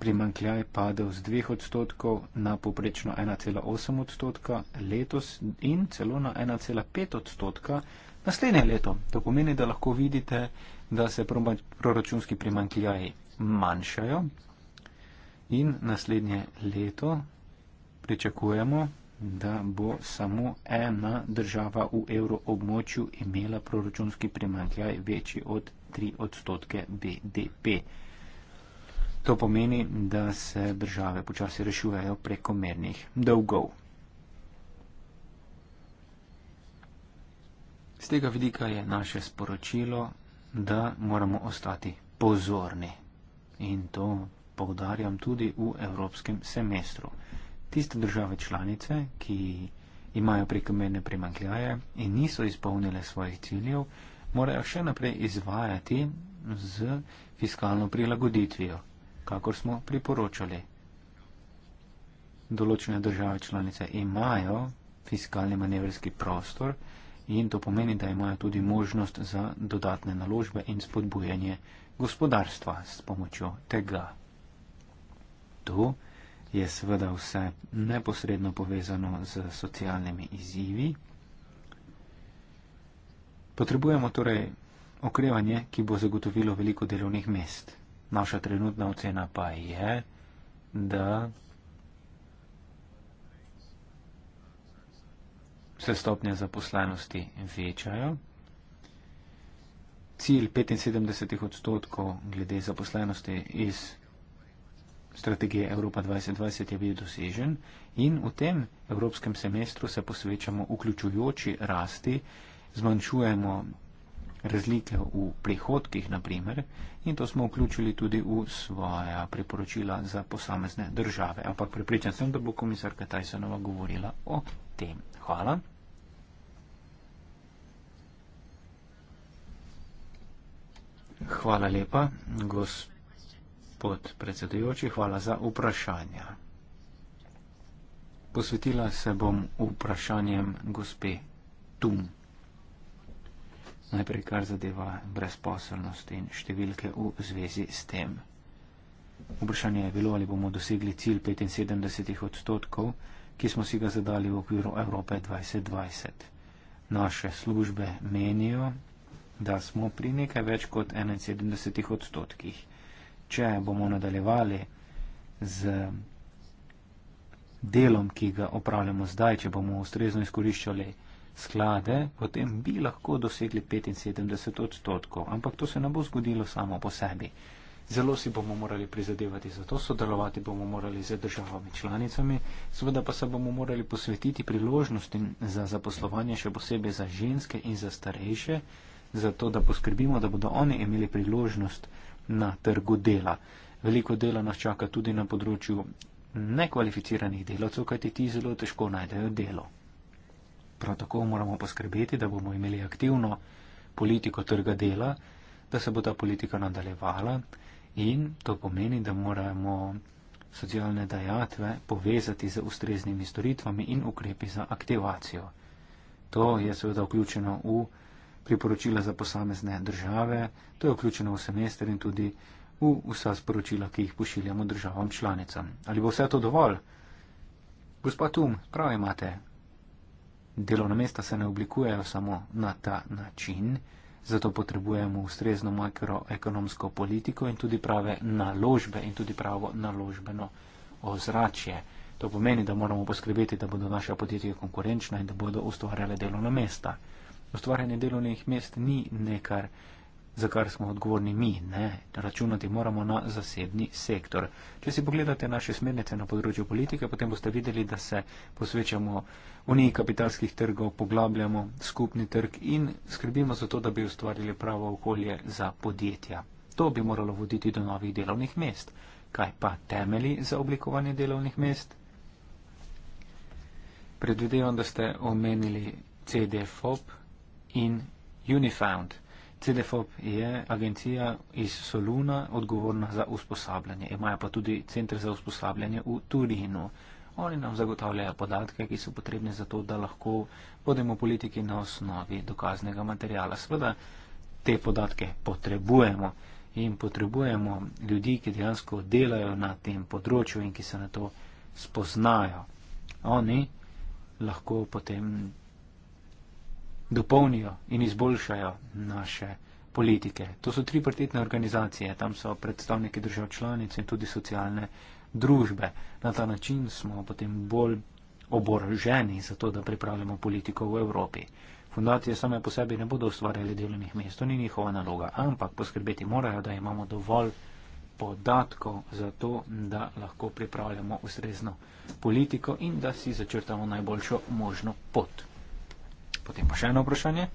primankljaj padel z 2 odstotkov na poprečno 1,8 odstotka letos in celo na 1,5 odstotka naslednje leto. To pomeni, da lahko vidite, da se proračunski primankljaji manjšajo in naslednje leto pričakujemo, da bo samo ena država v evroobmočju imela proračunski primankljaj večji od 1,5. 2,3 odstotke BDP. To pomeni, da se države počasi rešujejo prekomernih dolgov. Z tega vidika je naše sporočilo, da moramo ostati pozorni. In to povdarjam tudi v evropskem semestru. Tiste države članice, ki imajo prekomerne primankljaje in niso izpolnile svojih ciljev, morajo še naprej izvajati z fiskalno prilagoditvijo, kakor smo priporočali. Določene države članice imajo fiskalni manevrski prostor in to pomeni, da imajo tudi možnost za dodatne naložbe in spodbujanje gospodarstva s pomočjo tega. To je seveda vse neposredno povezano z socialnimi izzivi. Potrebujemo torej okrevanje, ki bo zagotovilo veliko delovnih mest. Naša trenutna ocena pa je, da se stopnje zaposlenosti večajo. Cilj 75 odstotkov glede zaposlenosti iz strategije Evropa 2020 je bil dosežen in v tem evropskem semestru se posvečamo vključujoči rasti zmanjšujemo razlike v prihodkih, naprimer, in to smo vključili tudi v svoja priporočila za posamezne države. Ampak prepričan sem, da bo komisarka Tysonova govorila o tem. Hvala. Hvala lepa, gospod predsedujoči, hvala za vprašanja. Posvetila se bom vprašanjem gospe Tum najprej kar zadeva brezposelnost in številke v zvezi s tem. Vprašanje je bilo, ali bomo dosegli cilj 75 odstotkov, ki smo si ga zadali v okviru Evrope 2020. Naše službe menijo, da smo pri nekaj več kot 71 odstotkih. Če bomo nadaljevali z delom, ki ga opravljamo zdaj, če bomo ustrezno izkoriščali sklade, potem bi lahko dosegli 75 odstotkov, ampak to se ne bo zgodilo samo po sebi. Zelo si bomo morali prizadevati za to, sodelovati bomo morali z državami članicami, seveda pa se bomo morali posvetiti priložnostim za zaposlovanje, še posebej za ženske in za starejše, zato da poskrbimo, da bodo oni imeli priložnost na trgu dela. Veliko dela nas čaka tudi na področju nekvalificiranih delavcev, kajti ti zelo težko najdejo delo prav tako moramo poskrbeti, da bomo imeli aktivno politiko trga dela, da se bo ta politika nadaljevala in to pomeni, da moramo socialne dajatve povezati z ustreznimi storitvami in ukrepi za aktivacijo. To je seveda vključeno v priporočila za posamezne države, to je vključeno v semester in tudi v vsa sporočila, ki jih pošiljamo državam članicam. Ali bo vse to dovolj? Gospod Tum, prav imate, Delovna mesta se ne oblikujejo samo na ta način, zato potrebujemo ustrezno makroekonomsko politiko in tudi prave naložbe in tudi pravo naložbeno ozračje. To pomeni, da moramo poskrbeti, da bodo naša podjetja konkurenčna in da bodo ustvarjale delovna mesta. Ustvarjanje delovnih mest ni nekaj, za kar smo odgovorni mi, ne, računati moramo na zasebni sektor. Če si pogledate naše smernice na področju politike, potem boste videli, da se posvečamo uniji kapitalskih trgov, poglabljamo skupni trg in skrbimo za to, da bi ustvarili pravo okolje za podjetja. To bi moralo voditi do novih delovnih mest. Kaj pa temeli za oblikovanje delovnih mest? Predvidevam, da ste omenili CDFOP in Unifound. CDFOP je agencija iz Soluna odgovorna za usposabljanje. Imajo pa tudi centr za usposabljanje v Turinu. Oni nam zagotavljajo podatke, ki so potrebne za to, da lahko vodimo politiki na osnovi dokaznega materijala. Sveda te podatke potrebujemo in potrebujemo ljudi, ki dejansko delajo na tem področju in ki se na to spoznajo. Oni lahko potem dopolnijo in izboljšajo naše politike. To so tripartitne organizacije, tam so predstavniki držav članic in tudi socialne družbe. Na ta način smo potem bolj oboroženi za to, da pripravljamo politiko v Evropi. Fundacije same po sebi ne bodo ustvarjali delovnih mest, to ni njihova naloga, ampak poskrbeti morajo, da imamo dovolj podatkov za to, da lahko pripravljamo ustrezno politiko in da si začrtamo najboljšo možno pot. Potem pa še eno vprašanje.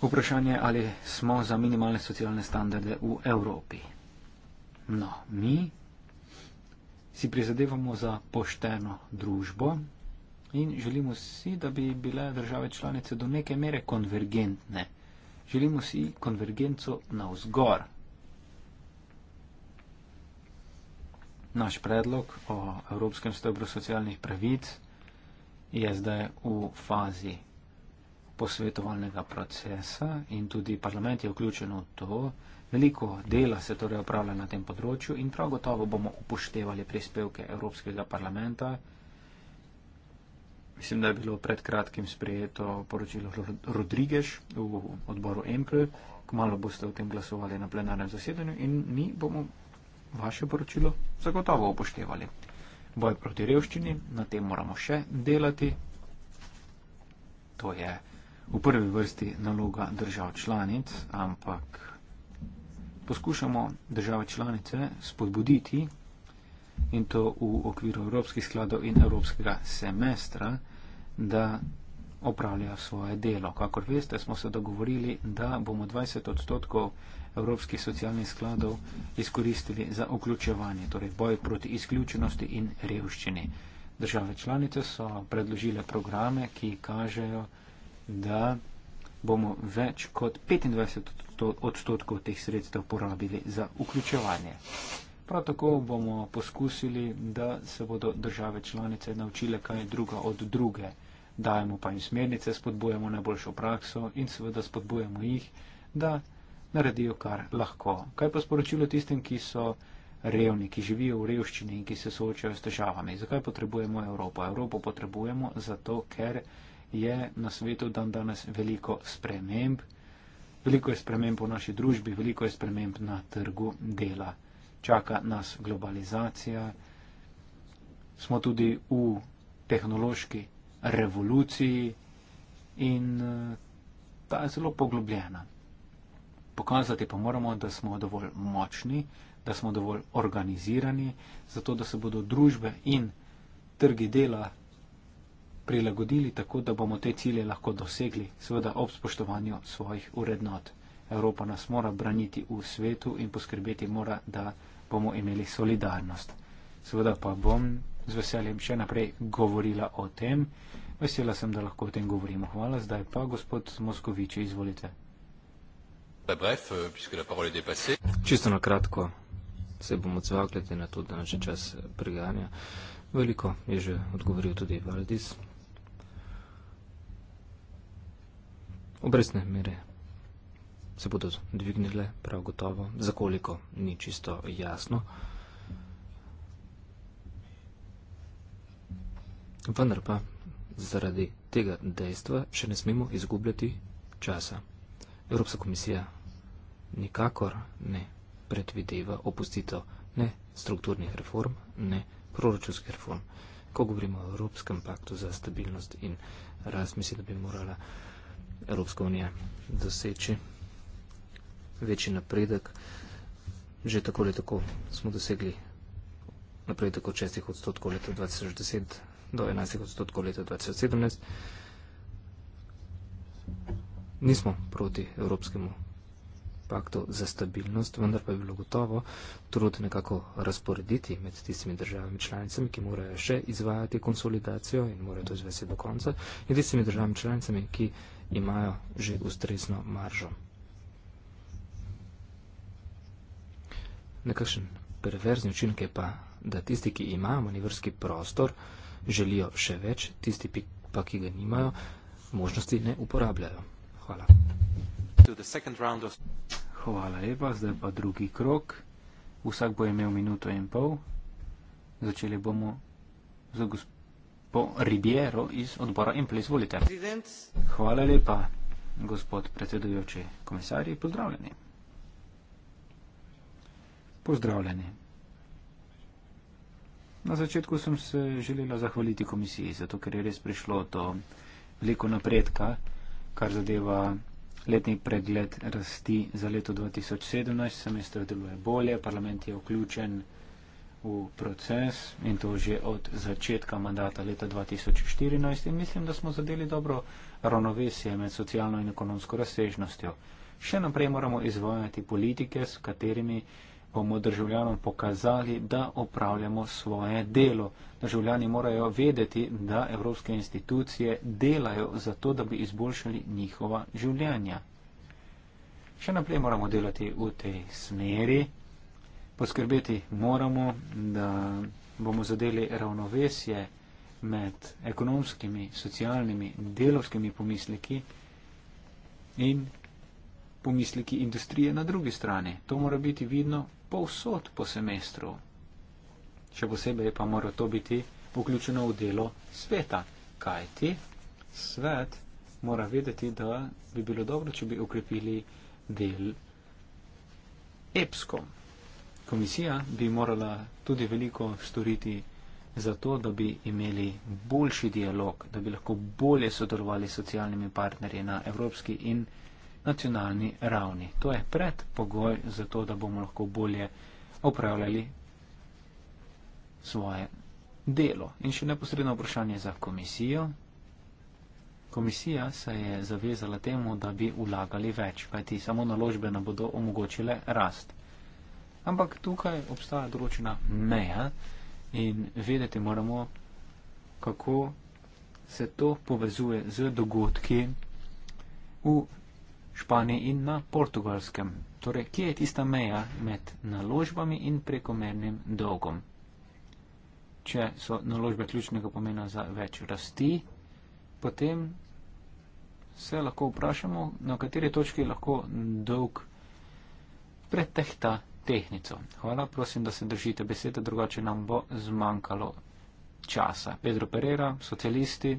Vprašanje, ali smo za minimalne socialne standarde v Evropi. No, mi si prizadevamo za pošteno družbo in želimo si, da bi bile države članice do neke mere konvergentne. Želimo si konvergenco na vzgor. Naš predlog o Evropskem stebru socialnih pravic je, je zdaj v fazi posvetovalnega procesa in tudi parlament je vključen v to. Veliko dela se torej opravlja na tem področju in prav gotovo bomo upoštevali prispevke Evropskega parlamenta. Mislim, da je bilo pred kratkim sprejeto poročilo Rodrigež v odboru Emple. Kmalo boste o tem glasovali na plenarnem zasedanju in mi bomo vaše poročilo zagotovo upoštevali boj proti revščini, na tem moramo še delati. To je v prvi vrsti naloga držav članic, ampak poskušamo države članice spodbuditi in to v okviru Evropskih skladov in Evropskega semestra, da opravljajo svoje delo. Kakor veste, smo se dogovorili, da bomo 20 odstotkov evropskih socialnih skladov izkoristili za vključevanje, torej boj proti izključenosti in revščini. Države članice so predložile programe, ki kažejo, da bomo več kot 25 odstotkov teh sredstev porabili za vključevanje. Prav tako bomo poskusili, da se bodo države članice naučile kaj druga od druge. Dajemo pa jim smernice, spodbujamo najboljšo prakso in seveda spodbujamo jih, da naredijo, kar lahko. Kaj pa sporočilo tistim, ki so revni, ki živijo v revščini in ki se soočajo s težavami? Zakaj potrebujemo Evropo? Evropo potrebujemo zato, ker je na svetu dan danes veliko sprememb. Veliko je sprememb v naši družbi, veliko je sprememb na trgu dela. Čaka nas globalizacija, smo tudi v tehnološki revoluciji in eh, ta je zelo poglobljena pokazati pa moramo, da smo dovolj močni, da smo dovolj organizirani, zato da se bodo družbe in trgi dela prilagodili tako, da bomo te cilje lahko dosegli, seveda ob spoštovanju svojih urednot. Evropa nas mora braniti v svetu in poskrbeti mora, da bomo imeli solidarnost. Seveda pa bom z veseljem še naprej govorila o tem. Vesela sem, da lahko o tem govorimo. Hvala. Zdaj pa, gospod Moskoviče, izvolite bref, euh, puisque la parole est dépassée. Juste en kratko, se bomo cvakljati na to, da naše čas eh, preganja. Veliko je že odgovoril tudi Valdis. Obrestne mere se bodo dvignile, prav gotovo, za koliko ni čisto jasno. Vendar pa zaradi tega dejstva še ne smemo izgubljati časa. Evropska komisija nikakor ne predvideva opustitev ne strukturnih reform, ne proračunskih reform. Ko govorimo o Evropskem paktu za stabilnost in rast, mislim, da bi morala Evropska unija doseči večji napredek. Že tako ali tako smo dosegli napredek od 6 odstotkov leta 2010 do 11 odstotkov leta 2017. Nismo proti Evropskemu paktu za stabilnost, vendar pa je bilo gotovo trud nekako razporediti med tistimi državami članicami, ki morajo še izvajati konsolidacijo in morajo to izvesti do konca, in tistimi državami članicami, ki imajo že ustrezno maržo. Nekakšen perverzni učinek je pa, da tisti, ki imajo manevrski prostor, želijo še več, tisti pa, ki ga nimajo, možnosti ne uporabljajo. Hvala. Hvala lepa, zdaj pa drugi krok. Vsak bo imel minuto in pol. Začeli bomo z gospo Ribiero iz odbora Impel, izvolite. Hvala lepa, gospod predsedujoči komisarji, pozdravljeni. Pozdravljeni. Na začetku sem se želela zahvaliti komisiji, zato ker je res prišlo do veliko napredka, kar zadeva Letni pregled rasti za leto 2017, semester deluje bolje, parlament je vključen v proces in to že od začetka mandata leta 2014 in mislim, da smo zadeli dobro ravnovesje med socialno in ekonomsko razsežnostjo. Še naprej moramo izvajati politike, s katerimi bomo državljanom pokazali, da opravljamo svoje delo. Državljani morajo vedeti, da evropske institucije delajo za to, da bi izboljšali njihova življenja. Še naprej moramo delati v tej smeri. Poskrbeti moramo, da bomo zadeli ravnovesje med ekonomskimi, socialnimi, delovskimi pomisliki in pomisliki industrije na drugi strani. To mora biti vidno povsod po semestru. Še posebej pa mora to biti vključeno v delo sveta, kajti svet mora vedeti, da bi bilo dobro, če bi ukrepili del EPSKO. Komisija bi morala tudi veliko storiti za to, da bi imeli boljši dialog, da bi lahko bolje sodelovali s socialnimi partnerji na evropski in evropski nacionalni ravni. To je predpogoj za to, da bomo lahko bolje opravljali svoje delo. In še neposredno vprašanje za komisijo. Komisija se je zavezala temu, da bi vlagali več, kajti samo naložbe nam bodo omogočile rast. Ampak tukaj obstaja določena meja in vedeti moramo, kako se to povezuje z dogodki v Španiji in na Portugalskem. Torej, kje je tista meja med naložbami in prekomernim dolgom? Če so naložbe ključnega pomena za več rasti, potem se lahko vprašamo, na kateri točki lahko dolg pretehta tehnico. Hvala, prosim, da se držite besede, drugače nam bo zmanjkalo časa. Pedro Pereira, socialisti,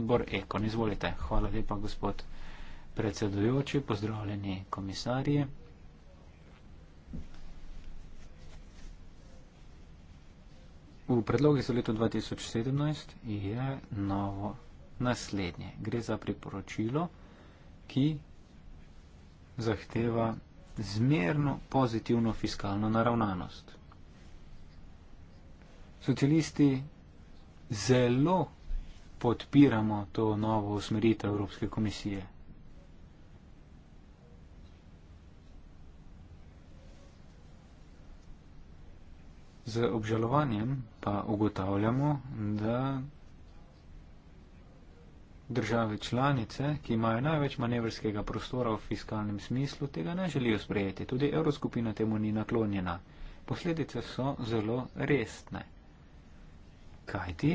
odbor Ekon, izvolite. Hvala lepa, gospod predsedujoči, pozdravljeni komisarji. V predlogi za leto 2017 je novo naslednje. Gre za priporočilo, ki zahteva zmerno pozitivno fiskalno naravnanost. Socialisti zelo podpiramo to novo usmeritev Evropske komisije. Z obžalovanjem pa ugotavljamo, da države članice, ki imajo največ manevrskega prostora v fiskalnem smislu, tega ne želijo sprejeti. Tudi evroskupina temu ni naklonjena. Posledice so zelo resne. Kajti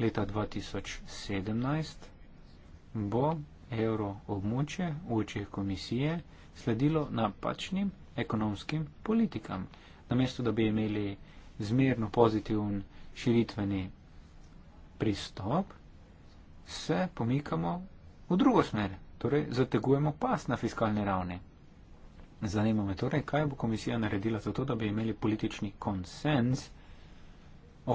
leta 2017 bo evro območje v očih komisije sledilo napačnim ekonomskim politikam namesto da bi imeli zmerno pozitiven širitveni pristop, se pomikamo v drugo smer, torej zategujemo pas na fiskalni ravni. Zanima me torej, kaj bo komisija naredila za to, da bi imeli politični konsens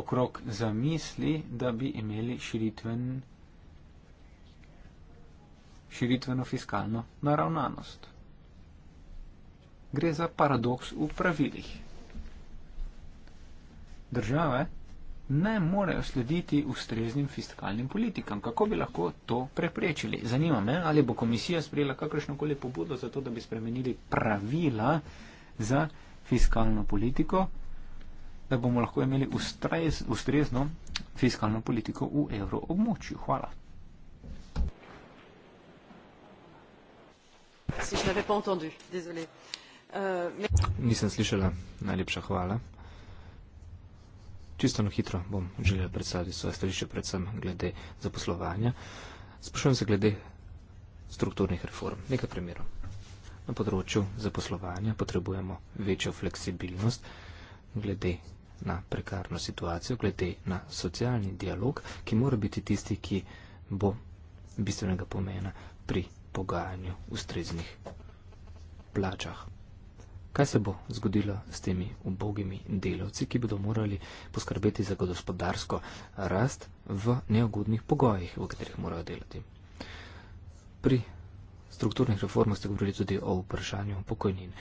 okrog zamisli, da bi imeli širitven, širitveno fiskalno naravnanost. Gre za paradoks v pravilih države ne morejo slediti ustreznim fiskalnim politikam. Kako bi lahko to preprečili? Zanima me, ali bo komisija sprejela kakršnokoli pobudo za to, da bi spremenili pravila za fiskalno politiko, da bomo lahko imeli ustrez, ustrezno fiskalno politiko v evroobmočju. Hvala. Euh, Nisem slišala. Najlepša hvala. Čisto na hitro bom želel predstaviti svoje stališče, predvsem glede zaposlovanja. Sprašujem se glede strukturnih reform. Nekaj primerov. Na področju zaposlovanja potrebujemo večjo fleksibilnost glede na prekarno situacijo, glede na socialni dialog, ki mora biti tisti, ki bo bistvenega pomena pri pogajanju ustreznih plačah. Kaj se bo zgodilo s temi ubogimi delavci, ki bodo morali poskrbeti za gospodarsko rast v neugodnih pogojih, v katerih morajo delati? Pri strukturnih reformah ste govorili tudi o vprašanju pokojnin.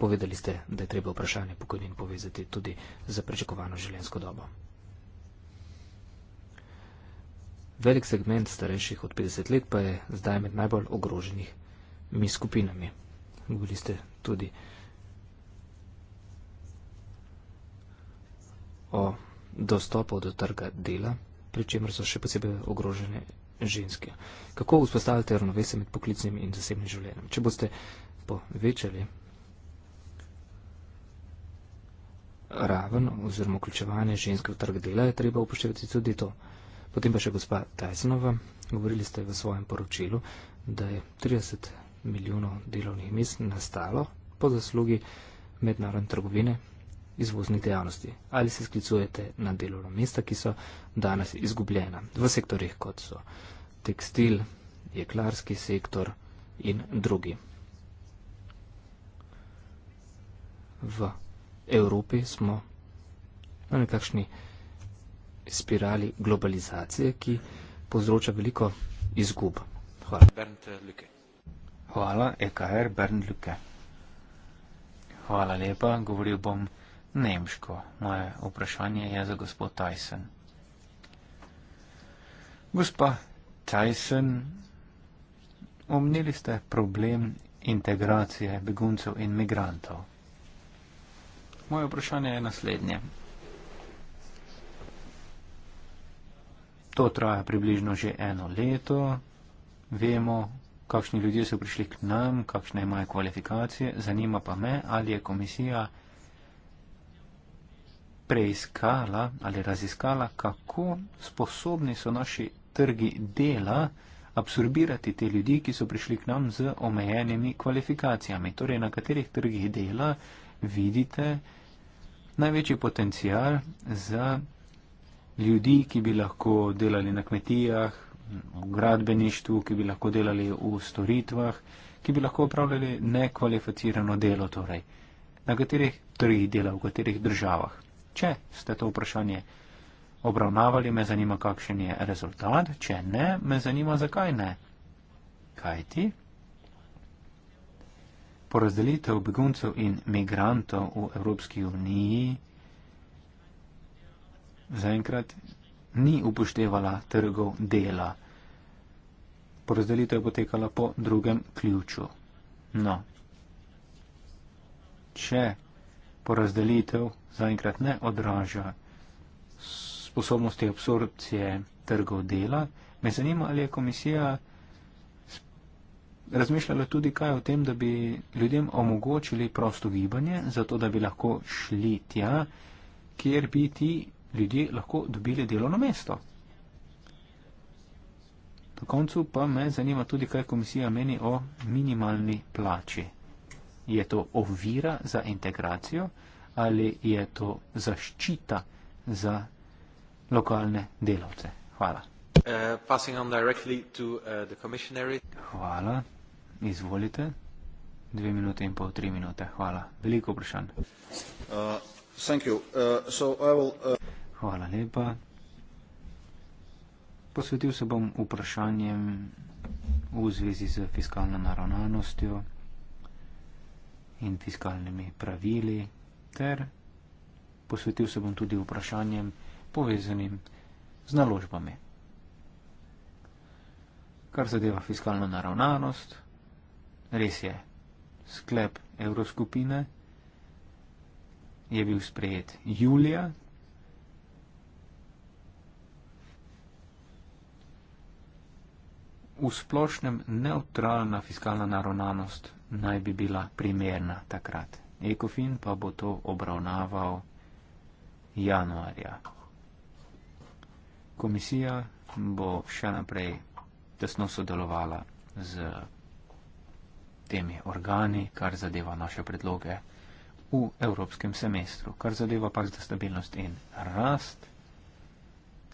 Povedali ste, da je treba vprašanje pokojnin povezati tudi z prečakovano življenjsko dobo. Velik segment starejših od 50 let pa je zdaj med najbolj ogroženimi skupinami. Govorili ste tudi o. o dostopu do trga dela, pri čemer so še posebej ogrožene ženske. Kako vzpostavljate ravnovesje med poklicnim in zasebnim življenjem? Če boste povečali raven oziroma vključevanje ženske v trg dela, je treba upoštevati tudi to. Potem pa še gospa Tysonova, govorili ste v svojem poročilu, da je 30 milijonov delovnih mest nastalo po zaslugi mednarodne trgovine izvoznih dejavnosti ali se sklicujete na delovna mesta, ki so danes izgubljena v sektorjih, kot so tekstil, jeklarski sektor in drugi. V Evropi smo na nekakšni spirali globalizacije, ki povzroča veliko izgub. Hvala. Bernd Luke. Hvala, EKR Bernd Luke. Hvala lepa, govoril bom nemško. Moje vprašanje je za gospod Tyson. Gospa Tyson, omnili ste problem integracije beguncev in migrantov. Moje vprašanje je naslednje. To traja približno že eno leto. Vemo, kakšni ljudje so prišli k nam, kakšne imajo kvalifikacije. Zanima pa me, ali je komisija preiskala ali raziskala, kako sposobni so naši trgi dela absorbirati te ljudi, ki so prišli k nam z omejenimi kvalifikacijami. Torej, na katerih trgih dela vidite največji potencial za ljudi, ki bi lahko delali na kmetijah, v gradbeništvu, ki bi lahko delali v storitvah, ki bi lahko opravljali nekvalificirano delo. Torej. Na katerih trgih dela, v katerih državah če ste to vprašanje obravnavali, me zanima, kakšen je rezultat, če ne, me zanima, zakaj ne. Kaj ti? Porazdelitev beguncev in migrantov v Evropski uniji zaenkrat ni upoštevala trgov dela. Porazdelitev je potekala po drugem ključu. No, če porazdelitev zaenkrat ne odraža sposobnosti absorpcije trgov dela. Me zanima, ali je komisija razmišljala tudi kaj o tem, da bi ljudem omogočili prosto gibanje, zato da bi lahko šli tja, kjer bi ti ljudje lahko dobili delovno mesto. Na koncu pa me zanima tudi, kaj komisija meni o minimalni plači. Je to ovira za integracijo? ali je to zaščita za lokalne delavce. Hvala. Uh, on to, uh, the Hvala. Izvolite. Dve minute in pol, tri minute. Hvala. Veliko vprašanj. Uh, uh, uh... Hvala lepa. Posvetil se bom vprašanjem v zvezi z fiskalno naravnanostjo in fiskalnimi pravili ter posvetil se bom tudi vprašanjem povezanim z naložbami. Kar zadeva fiskalno naravnanost, res je, sklep Evroskupine je bil sprejet julija. V splošnem neutralna fiskalna naravnanost naj bi bila primerna takrat. Ekofin pa bo to obravnaval januarja. Komisija bo še naprej tesno sodelovala z temi organi, kar zadeva naše predloge v evropskem semestru. Kar zadeva pa za stabilnost in rast,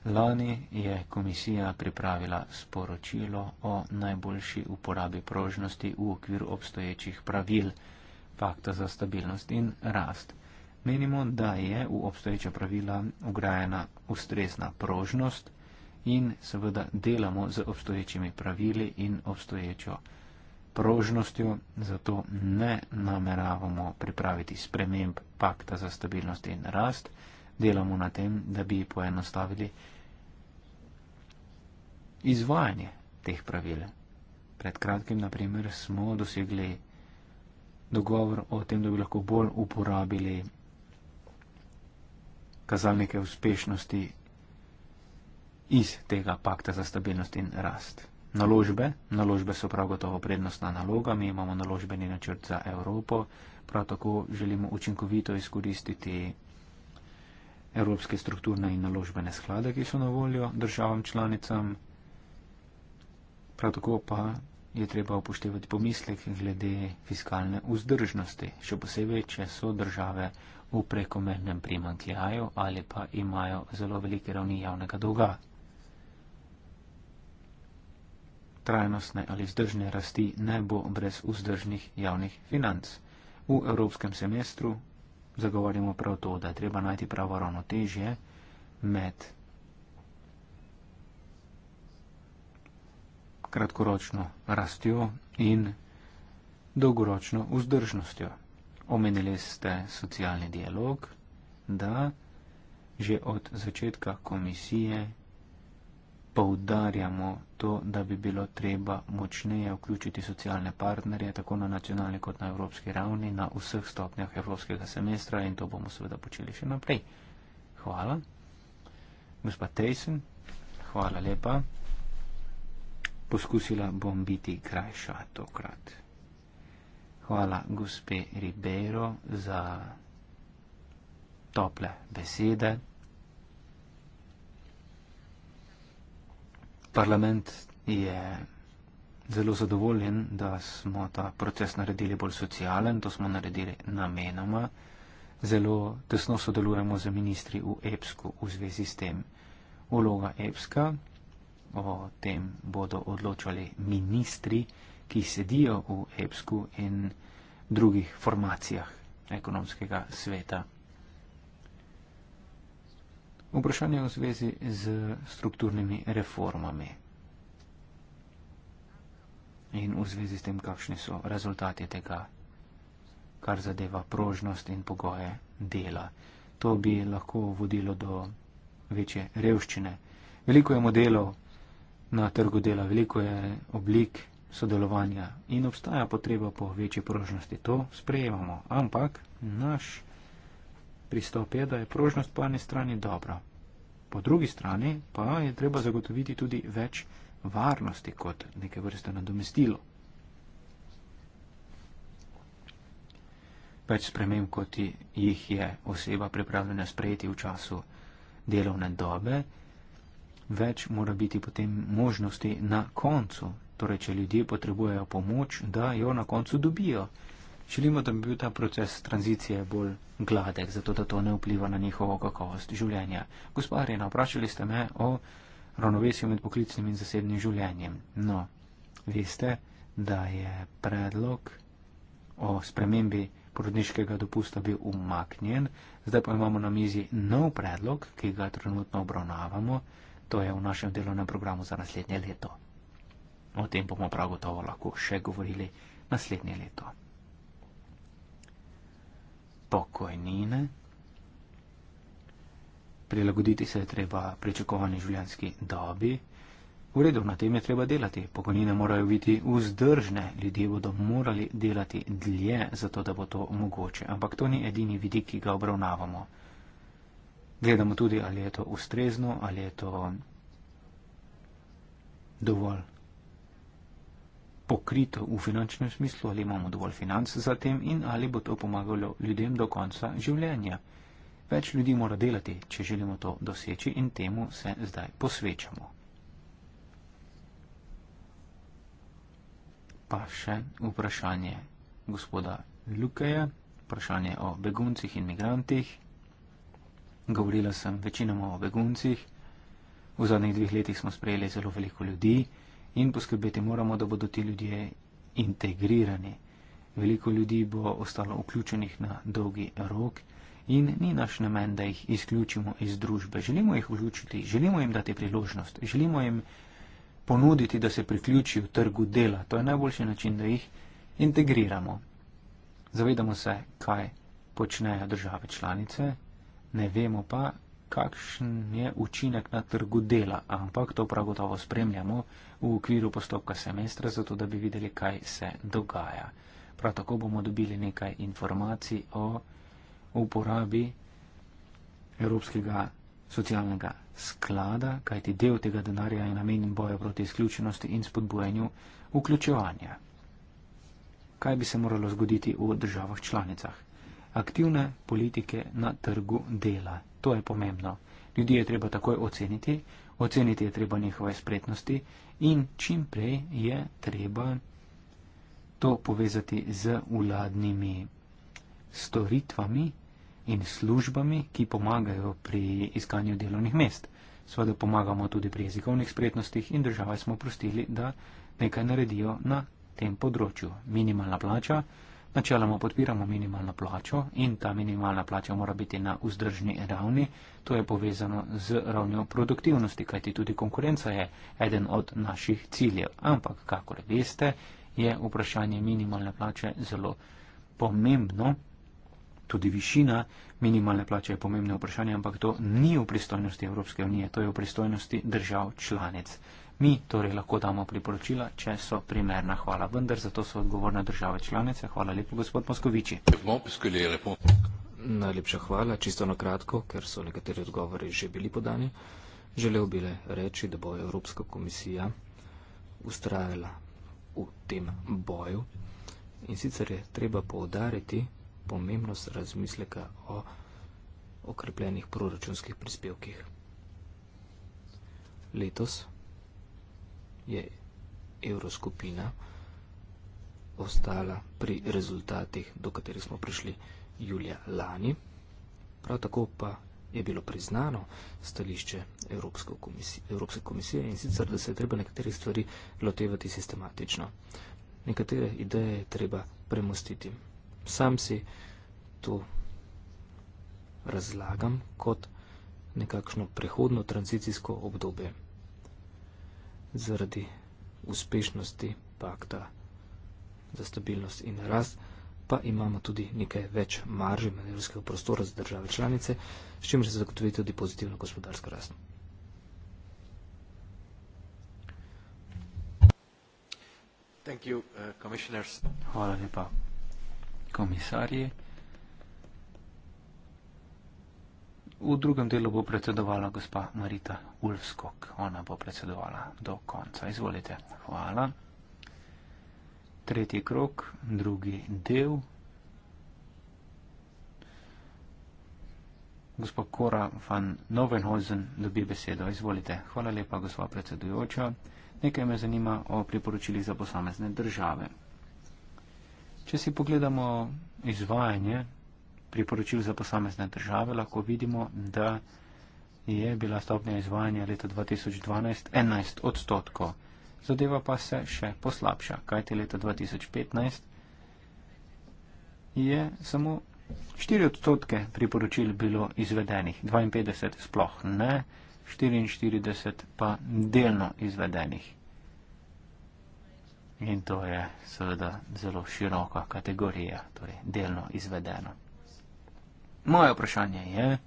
lani je komisija pripravila sporočilo o najboljši uporabi prožnosti v okviru obstoječih pravil pakta za stabilnost in rast. Menimo, da je v obstoječa pravila ugrajena ustrezna prožnost in seveda delamo z obstoječimi pravili in obstoječo prožnostjo, zato ne nameravamo pripraviti sprememb pakta za stabilnost in rast. Delamo na tem, da bi poenostavili izvajanje teh pravil. Pred kratkim, naprimer, smo dosegli dogovor o tem, da bi lahko bolj uporabili kazalnike uspešnosti iz tega pakta za stabilnost in rast. Naložbe. Naložbe so prav gotovo prednostna naloga. Mi imamo naložbeni načrt za Evropo. Prav tako želimo učinkovito izkoristiti evropske strukturne in naložbene sklade, ki so na voljo državam članicam. Prav tako pa je treba upoštevati pomislek glede fiskalne vzdržnosti, še posebej, če so države v prekomernem primankljaju ali pa imajo zelo velike ravni javnega dolga. Trajnostne ali vzdržne rasti ne bo brez vzdržnih javnih financ. V evropskem semestru zagovarjamo prav to, da je treba najti pravo ravnotežje med kratkoročno rastjo in dolgoročno vzdržnostjo. Omenili ste socialni dialog, da že od začetka komisije poudarjamo to, da bi bilo treba močneje vključiti socialne partnerje, tako na nacionalni kot na evropski ravni, na vseh stopnjah evropskega semestra in to bomo seveda počeli še naprej. Hvala. Gospa Tejsen, hvala lepa. Poskusila bom biti krajša tokrat. Hvala gospe Ribeiro za tople besede. Parlament je zelo zadovoljen, da smo ta proces naredili bolj socialen, to smo naredili namenoma. Zelo tesno sodelujemo z ministri v EPSKO v zvezi s tem. Uloga EPSKA O tem bodo odločali ministri, ki sedijo v EPSKU in drugih formacijah ekonomskega sveta. Vprašanje v zvezi z strukturnimi reformami in v zvezi s tem, kakšni so rezultati tega, kar zadeva prožnost in pogoje dela. To bi lahko vodilo do večje revščine. Veliko je modelov, na trgu dela, veliko je oblik sodelovanja in obstaja potreba po večji prožnosti. To sprejemamo, ampak naš pristop je, da je prožnost po eni strani dobra. Po drugi strani pa je treba zagotoviti tudi več varnosti kot neke vrste nadomestilo. Več sprememb, kot jih je oseba pripravljena sprejeti v času delovne dobe, več mora biti potem možnosti na koncu. Torej, če ljudje potrebujejo pomoč, da jo na koncu dobijo. Želimo, da bi bil ta proces tranzicije bolj gladek, zato da to ne vpliva na njihovo kakovost življenja. Gospodarjena, vprašali ste me o ravnovesju med poklicnim in zasebnim življenjem. No, veste, da je predlog o spremembi porodniškega dopusta bil umaknjen, zdaj pa imamo na mizi nov predlog, ki ga trenutno obravnavamo. To je v našem delovnem programu za naslednje leto. O tem bomo prav gotovo lahko še govorili naslednje leto. Pokojnine. Prilagoditi se je treba pričakovani življenski dobi. V redu, na tem je treba delati. Pokojnine morajo biti vzdržne, ljudje bodo morali delati dlje, zato da bo to mogoče. Ampak to ni edini vidik, ki ga obravnavamo gledamo tudi, ali je to ustrezno, ali je to dovolj pokrito v finančnem smislu, ali imamo dovolj financ za tem in ali bo to pomagalo ljudem do konca življenja. Več ljudi mora delati, če želimo to doseči in temu se zdaj posvečamo. Pa še vprašanje gospoda Lukeja, vprašanje o beguncih in migrantih. Govorila sem večinoma o beguncih. V zadnjih dveh letih smo sprejeli zelo veliko ljudi in poskrbeti moramo, da bodo ti ljudje integrirani. Veliko ljudi bo ostalo vključenih na dolgi rok in ni naš namen, da jih izključimo iz družbe. Želimo jih vključiti, želimo jim dati priložnost, želimo jim ponuditi, da se priključijo trgu dela. To je najboljši način, da jih integriramo. Zavedamo se, kaj počnejo države članice ne vemo pa, kakšen je učinek na trgu dela, ampak to prav gotovo spremljamo v okviru postopka semestra, zato da bi videli, kaj se dogaja. Prav tako bomo dobili nekaj informacij o uporabi Evropskega socialnega sklada, kajti del tega denarja je namenjen boju proti izključenosti in spodbujanju vključevanja. Kaj bi se moralo zgoditi v državah članicah? aktivne politike na trgu dela. To je pomembno. Ljudje je treba takoj oceniti, oceniti je treba njihove spretnosti in čim prej je treba to povezati z vladnimi storitvami in službami, ki pomagajo pri iskanju delovnih mest. Sveda pomagamo tudi pri jezikovnih spretnostih in države smo prostili, da nekaj naredijo na tem področju. Minimalna plača. Načeloma podpiramo minimalno plačo in ta minimalna plača mora biti na vzdržni ravni. To je povezano z ravnjo produktivnosti, kajti tudi konkurenca je eden od naših ciljev. Ampak, kakor veste, je vprašanje minimalne plače zelo pomembno. Tudi višina minimalne plače je pomembno vprašanje, ampak to ni v pristojnosti Evropske unije, to je v pristojnosti držav članic. Mi torej lahko damo priporočila, če so primerna. Hvala. Vendar za to so odgovorne države članice. Hvala lepo, gospod Moskoviči. Najlepša hvala, čisto na kratko, ker so nekateri odgovori že bili podani. Želel bi le reči, da bo Evropska komisija ustrajala v tem boju. In sicer je treba poudariti pomembnost razmisleka o okrepljenih proračunskih prispevkih. Letos je evroskupina ostala pri rezultatih, do katerih smo prišli julija lani. Prav tako pa je bilo priznano stališče Evropske komisije in sicer, da se je treba nekateri stvari lotevati sistematično. Nekatere ideje je treba premostiti. Sam si to razlagam kot nekakšno prehodno tranzicijsko obdobje zaradi uspešnosti pakta za stabilnost in rast, pa imamo tudi nekaj več marže manevrskega prostora za države članice, s čimer se zagotovi tudi pozitivno gospodarsko rast. Thank you, uh, commissioners. Hvala lepa, komisarji. V drugem delu bo predsedovala gospa Marita Ulfskog. Ona bo predsedovala do konca. Izvolite. Hvala. Tretji krok, drugi del. Gospa Kora van Novenhozen dobi besedo. Izvolite. Hvala lepa, gospa predsedujoča. Nekaj me zanima o priporočilih za posamezne države. Če si pogledamo izvajanje priporočil za posamezne države lahko vidimo, da je bila stopnja izvajanja leta 2012 11 odstotkov. Zadeva pa se še poslabša, kajte leta 2015 je samo 4 odstotke priporočil bilo izvedenih, 52 sploh ne, 44 pa delno izvedenih. In to je seveda zelo široka kategorija, torej delno izvedeno. Moje vprašanje je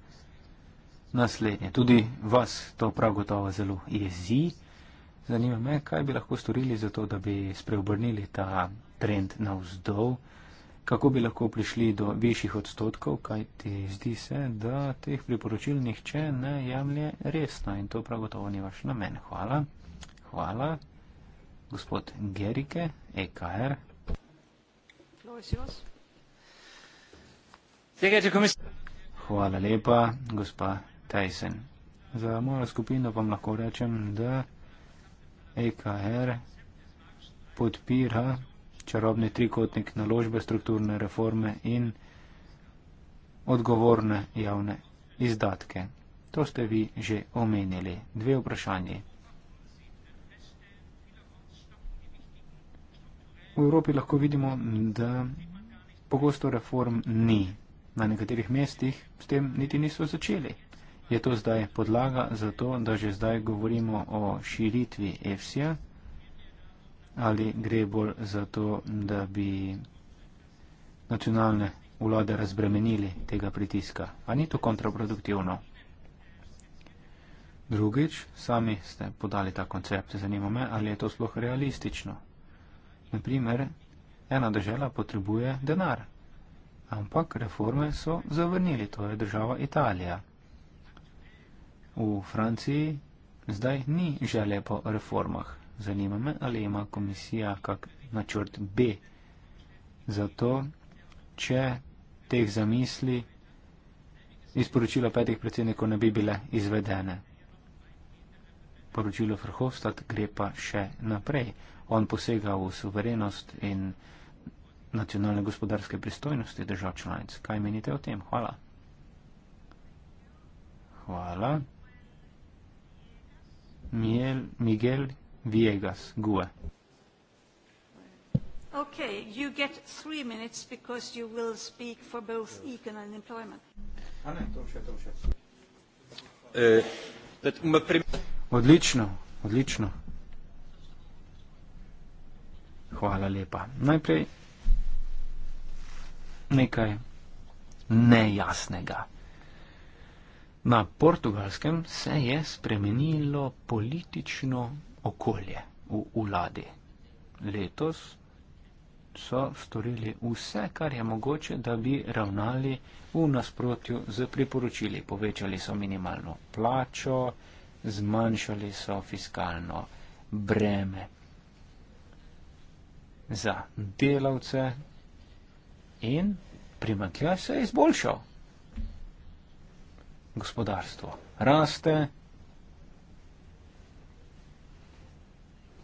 naslednje. Tudi vas to prav gotovo zelo jezi. Zanima me, kaj bi lahko storili za to, da bi spreobrnili ta trend navzdol, kako bi lahko prišli do višjih odstotkov, kaj ti zdi se, da teh priporočil nihče ne jemlje resno in to prav gotovo ni vaš namen. Hvala. Hvala. Gospod Gerike, EKR. No, Sehr geehrte Kommissar. Hvala lepa, gospa Tyson. Za mojo skupino pa vam lahko rečem, da EKR podpira čarobni trikotnik naložbe strukturne reforme in odgovorne javne izdatke. To ste vi že omenili. Dve vprašanje. V Evropi lahko vidimo, da pogosto reform ni na nekaterih mestih s tem niti niso začeli. Je to zdaj podlaga za to, da že zdaj govorimo o širitvi EFSI-ja ali gre bolj za to, da bi nacionalne vlade razbremenili tega pritiska? A ni to kontraproduktivno? Drugič, sami ste podali ta koncept, zanima me, ali je to sploh realistično. Naprimer, ena država potrebuje denar, ampak reforme so zavrnili, to je država Italija. V Franciji zdaj ni želje po reformah. Zanima me, ali ima komisija kak načrt B. Zato, če teh zamisli izporočila petih predsednikov ne bi bile izvedene. Poročilo Frhovstad gre pa še naprej. On posega v suverenost in nacionalne gospodarske pristojnosti držav članic. Kaj menite o tem? Hvala. Hvala. Miel, Miguel Viegas, GUE. Okay, you get three minutes because you will speak for both Econ and Employment. E, odlično, odlično. Hvala lepa. Najprej nekaj nejasnega. Na portugalskem se je spremenilo politično okolje v vladi. Letos so storili vse, kar je mogoče, da bi ravnali v nasprotju z priporočili. Povečali so minimalno plačo, zmanjšali so fiskalno breme za delavce, in primankljaj se je izboljšal. Gospodarstvo raste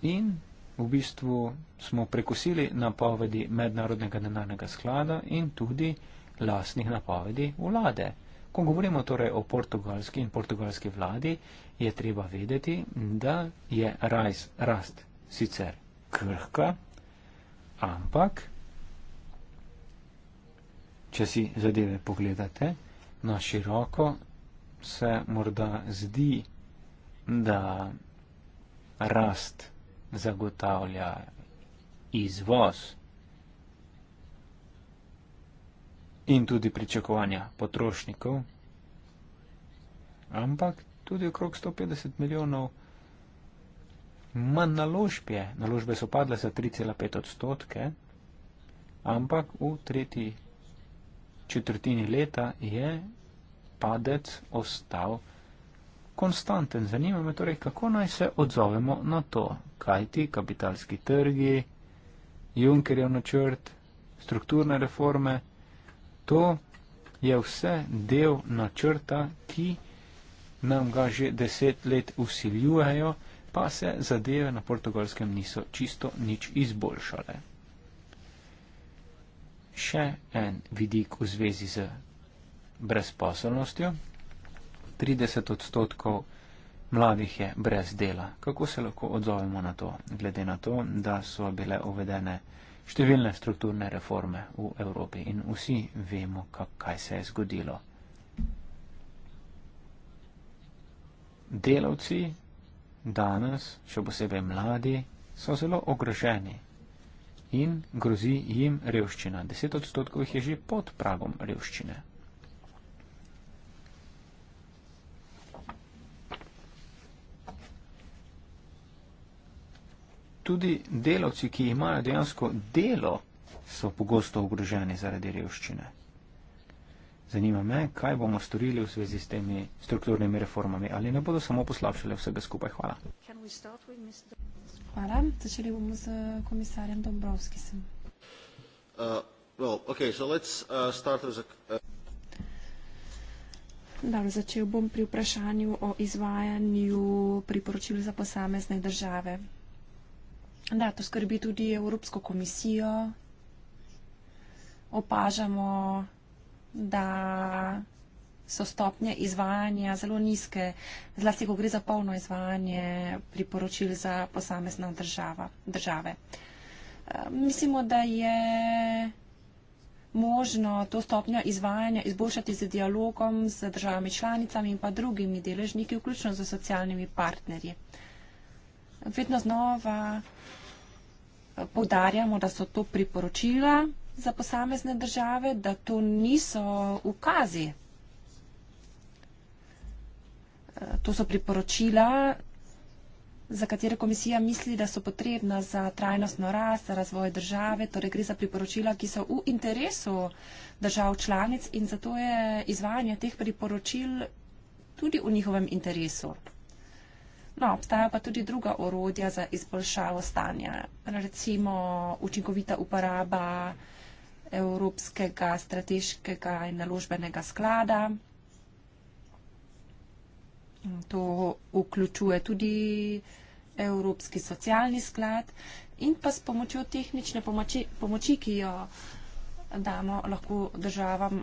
in v bistvu smo prekosili napovedi Mednarodnega denarnega sklada in tudi lasnih napovedi vlade. Ko govorimo torej o portugalski in portugalski vladi, je treba vedeti, da je rajs, rast sicer krhka, ampak če si zadeve pogledate na široko, se morda zdi, da rast zagotavlja izvoz in tudi pričakovanja potrošnikov, ampak tudi okrog 150 milijonov manj naložb je. Naložbe so padle za 3,5 odstotke, ampak v tretji četrtini leta je padec ostal konstanten. Zanima me torej, kako naj se odzovemo na to, kaj ti kapitalski trgi, Junckerjev načrt, strukturne reforme, to je vse del načrta, ki nam ga že deset let usiljujejo, pa se zadeve na portugalskem niso čisto nič izboljšale še en vidik v zvezi z brezposobnostjo. 30 odstotkov mladih je brez dela. Kako se lahko odzovemo na to, glede na to, da so bile uvedene številne strukturne reforme v Evropi in vsi vemo, kaj se je zgodilo. Delavci danes, še posebej mladi, so zelo ogroženi in grozi jim revščina. Deset odstotkov jih je že pod pragom revščine. Tudi delavci, ki imajo dejansko delo, so pogosto ogroženi zaradi revščine. Zanima me, kaj bomo storili v zvezi s temi strukturnimi reformami, ali ne bodo samo poslabšali vsega skupaj. Hvala. Hvala. Začeli bomo z komisarjem Dombrovskisem. Uh, well, okay, so let's uh, start with a... Uh, da, začel bom pri vprašanju o izvajanju priporočil za posamezne države. Da, to skrbi tudi Evropsko komisijo. Opažamo, da so stopnje izvajanja zelo nizke, zlasti, ko gre za polno izvajanje priporočil za posamezna država, države. Mislimo, da je možno to stopnjo izvajanja izboljšati z dialogom z državami članicami in pa drugimi deležniki, vključno z socialnimi partnerji. Vedno znova eh, povdarjamo, da so to priporočila za posamezne države, da to niso ukazi To so priporočila, za katere komisija misli, da so potrebna za trajnostno rast, za razvoj države. Torej gre za priporočila, ki so v interesu držav članic in zato je izvajanje teh priporočil tudi v njihovem interesu. No, obstajajo pa tudi druga orodja za izboljšavo stanja. Recimo učinkovita uporaba Evropskega strateškega in naložbenega sklada. To vključuje tudi Evropski socialni sklad in pa s pomočjo tehnične pomoči, pomoči ki jo damo lahko državam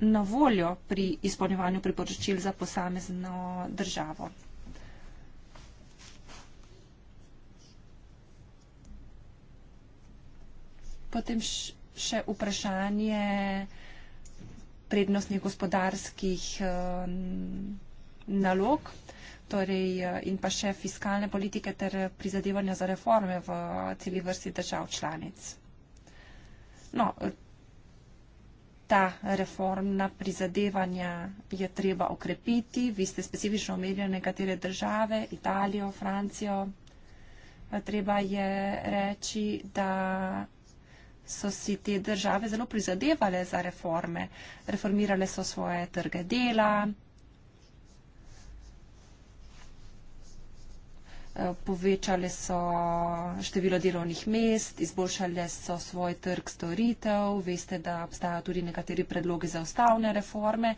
na voljo pri izpolnjevanju priporočil za posamezno državo. Potem še vprašanje prednostnih gospodarskih um, nalog torej, eh, in pa še fiskalne politike ter prizadevanja za reforme v celi vrsti držav članic. No, eh, ta reformna prizadevanja je treba okrepiti. Vi ste specifično omenjali nekatere države, Italijo, Francijo. Eh, treba je reči, da so si te države zelo prizadevale za reforme. Reformirale so svoje trge dela, Eh, povečali so število delovnih mest, izboljšali so svoj trg storitev, veste, da obstajajo tudi nekateri predlogi za ustavne reforme,